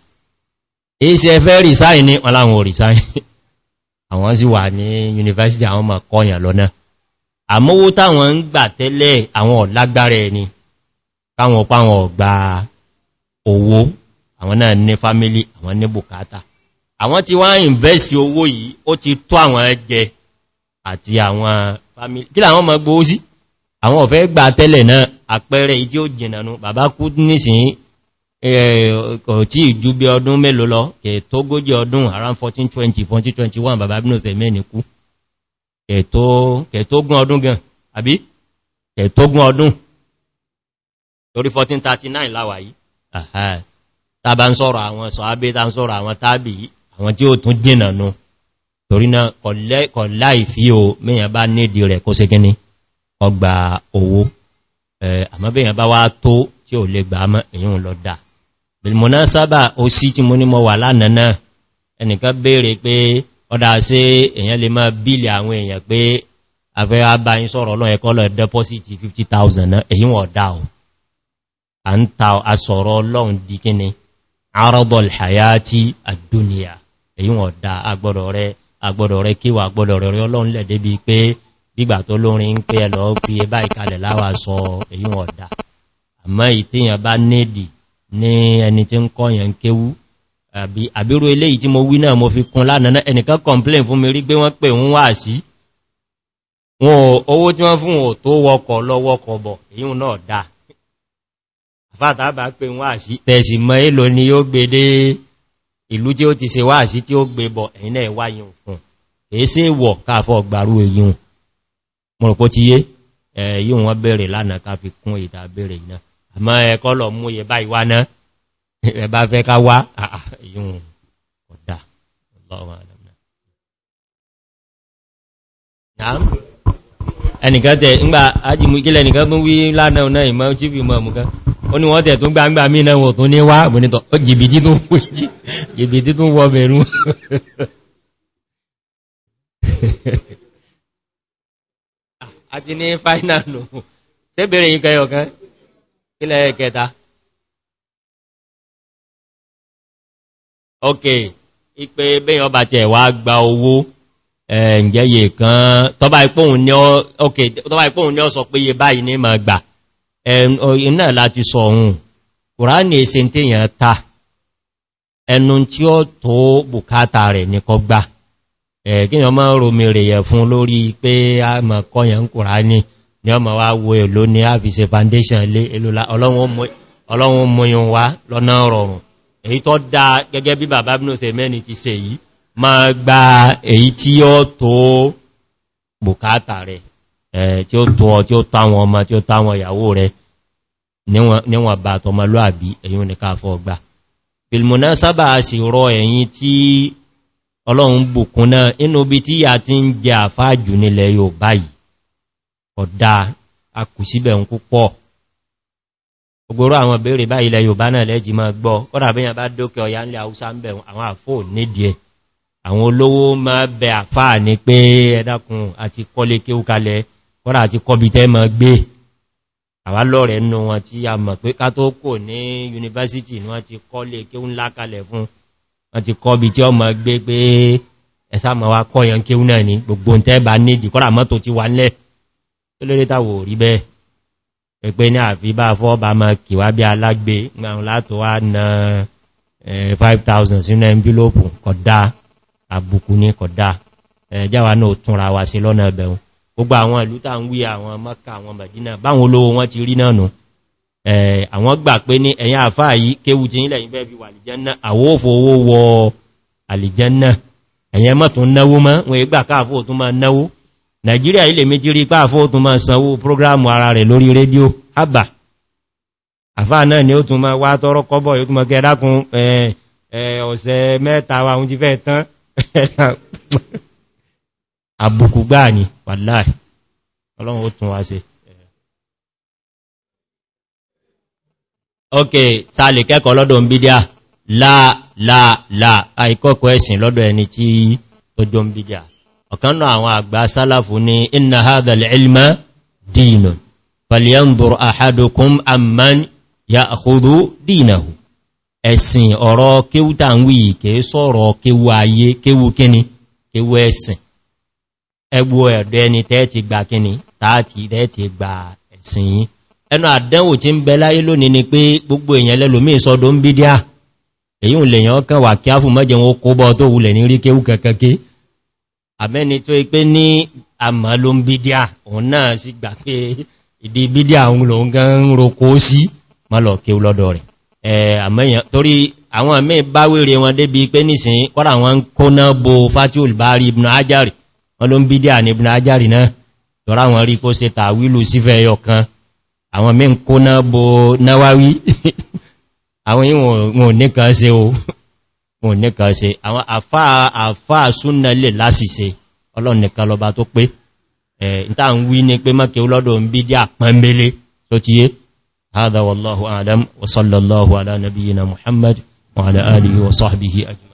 èsẹ fẹ́ resign ní wọ́n láwọn resign [LAUGHS] àwọn sì wà ní yunifásitì àwọn ma kọyàn lọ́nà àmówó táwọn ń gbà tẹ́lẹ̀ àwọn ọ̀lágbára ẹni káwọn ọ̀pá àwọn owó àwọn náà ní fámílì àwọn ní bùkátà àwọn tí wá ìnvẹ́sì owó yìí ó ti tó àwọn ẹjẹ àti àwọn fámílì kí làwọn mọ́ gbówó sí àwọn ọ̀fẹ́ gbà tẹ́lẹ̀ náà àpẹẹrẹ ìdí ó jìnnànú bàbá kú nísìn kò tí ìjú bí ọdún mélòó lọ kẹtógójì ọdún around 1420 1421 bàbá bí nọ́sẹ̀ mẹ́ni kú kẹtógún ọdún gan àbí torí 1439 láwàá yìí tàbá ń sọ́rọ̀ àwọn sọ̀hábé tàbá ń sọ́rọ̀ àwọn tàbí àwọn tí ó tún dínà nú torí náà kọ̀ láì fí o mẹ́yàn bá nídi rẹ̀ kó ségíní ọgbà owó àmọ́bẹ̀yàn bá wá tó tí ò lè gbà mọ́ èyàn lọ dà bilmọ̀ná sábà ó sí tí mo ní mọ́ wà lánàá ẹnìkan béèrè pé ọdá sí èyàn lè máa bílì àwọn èyàn pé afẹ́ abáyín sọ̀rọ̀ ọlọ́ ẹ̀kọ́ lọ dẹ́pọ́sìtì 50,000 náà èyí wọ̀n dá o a ń ta àsọ̀rọ̀ ọlọ́run di kíni arọ́bọ̀l hayati àdúnìyà èyí wọ̀n dá agbọ́dọ̀ rẹ agbọ́dọ̀ rẹ kíwà agbọ́dọ̀ rẹ ọlọ́run lẹ̀ débi pé gbígbà tó lórin ń pé ẹlọ fi ẹbá ìkalẹ̀ láwà sọ èyí wọ̀n dá mo wí mo fi kún lánàá ẹnìkan complain fún mi rí pé wọ́n pè ń wà àfátàbà pé wọ́n àṣí tẹ̀sì mọ́ èlò ni ó gbé dé ìlú tí ó ti se wá àṣí tí ó gbé bọ̀ ẹ̀yìn náà wáyìn fún èéṣe wọ̀ káàfọ́ gbàrú èyíun mọ̀rọ̀pọ̀ ti yé èyí wọ́n bẹ̀rẹ̀ lánàá ká fi kún ìdá bẹ̀rẹ̀ iná àmọ́ ẹ̀kọ́ lọ mú yẹ báyìí wá náà ẹnìkan tẹ̀ ń gbà ájìmú ìkílẹ̀ nìkan tún wí lánàá náà ìmọ̀ ó ní wọ́n tẹ̀ tó gbangba mínà wọ̀ tó ní wá àbúnitọ̀ jìbìtì tó jìbìtì tó wọ bẹ̀rù àti [LAUGHS] ní final nù ṣe bèèrè yìí kẹyọ kan ilẹ̀ kẹta ok ipe bẹ́yàn ọba ti ẹ̀wà gba owó ẹ̀ǹjẹ́ yìí kan tọ́bá ipóhun ní ọ sọ pé yẹ báyìí ní ma gbà ẹ̀yìn oh, náà láti sọ ohun kùránì èsè tíyàn ta ẹnu tí ó tó bùkátà rẹ̀ nìkan gbà ẹ̀kíyàn ọmọ romi rẹ̀ yẹ̀ fún lórí pé a mọ̀ kọyàn kùránì ni ọmọ wá wo èlò ní àfisẹ̀ foundation lé ọlọ́run mọyàn wá lọ́nà rọrùn èyí tó dá gẹ́gẹ́ bí bàbá bí nóṣe mẹ́ni ti ṣe yìí ma gba èyí tí ó tó bùkátà rẹ̀ tí ó tó ọ tí ó táwọn ọmọ tí ó táwọn ìyàwó rẹ̀ níwọ̀n bá tọmọlúàbí èyí ní káàfọ́ ọgbà bilmuna sábà sì rọ ẹ̀yìn tí ọlọ́run bùkún náà inú bí tí yà ti ń jẹ àfáàjù nílẹ̀ yóò báyìí ọ̀dá akùsíbẹ̀ ń púpọ̀ ogboro àwọn bèèrè bá ilẹ̀ yóò bá náà lẹ́jì máa gbọ́ kọ́dà bí yàn bá dókẹ ọ̀yá nílẹ̀ haúsá ń bẹ̀rún àwọn àfò nídìí àwọn olówó máa bẹ àfáà ní pé ẹ̀dàkùn àti kọ́lé kéúkalẹ̀ kọ́nà àti kọbi tẹ́ mọ́ gbé àwá lọ́rẹ̀ nù wọn tí a mọ̀ pé ká tó kò ní yunifásitì ní wọ́n ti kọ́ lè kí ń lákalẹ̀ fún wọ́n ti kọbi tí ọmọ gbé pé ẹ̀sá mọ̀ wá kọ́yàn kí ń náà ní gbogbo tẹ́ bá ní ìdíkọ́rà na 5,000 sínú envelope gbogbo àwọn ìlú tàà ń wí àwọn Mẹ́kà àwọn Mẹdínà báwọn olówó wọn ti rí náà nù àwọn gbà pé ní ẹ̀yìn àfáà yìí kéwù ti nílẹ̀ ìbẹ́ fi wà àlìjánná àwófò owó wọ àlìjánná ẹ̀yẹn mọ́ tún náwó mọ́ wọn ìgbà káàfó tún máa náwó Nàìjíríà ilẹ̀ méjì rí káàfó [LAUGHS] àbùkù gbáà ni wàláì ọlọ́run ó tún wá sí ok sáàlì kẹ́kọ̀ọ́ lọ́dọ̀ ń bídíà láàláà àìkọ́kọ́ ẹ̀sìn lọ́dọ̀ ẹni tí ó jọ ń bídíà ọ̀kanná àwọn àgbà sálàfù ní inna hadhal ilma dínà falyanzur ahadukum amman ya àkúrú dínàhù ẹ̀sìn ọ̀rọ̀ kéwú tàwí kèé sọ̀rọ̀ kéwú ayé kéwú kíní kéwú ẹ̀sìn ẹgbò ẹ̀dọ́ ẹni tẹ́ẹ̀tì gbà kíni tààtì tẹ́ẹ̀tì gbà ẹ̀sìn yìí ẹnu àdánwò tí ń bẹ láyé lónìí ni pé gbogbo èèyàn lẹ́lòmí ìsọdọ̀ ń bí díà èyí ń lèyàn kan wà kí á fún mẹ́jẹ wọn kó bọ́ tó wulẹ̀ ní rí kéwú kẹkẹké àmẹ́ni tó ipé ní àmà ló ń bí díà òun náà sì gbà pé ìdí bí díà òun ajari wọ́n ló ń bí díà ní ibùn ajárì náà tọ́rá wọn rí kó se tàwílù sífẹ́ ẹyọ kan àwọn mí ń kó náà bo náwáwí [LAUGHS] àwọn ìwọ̀n nìkan se o wọn هذا والله أعلم وصلى الله على نبينا محمد وعلى آله وصحبه أجمع.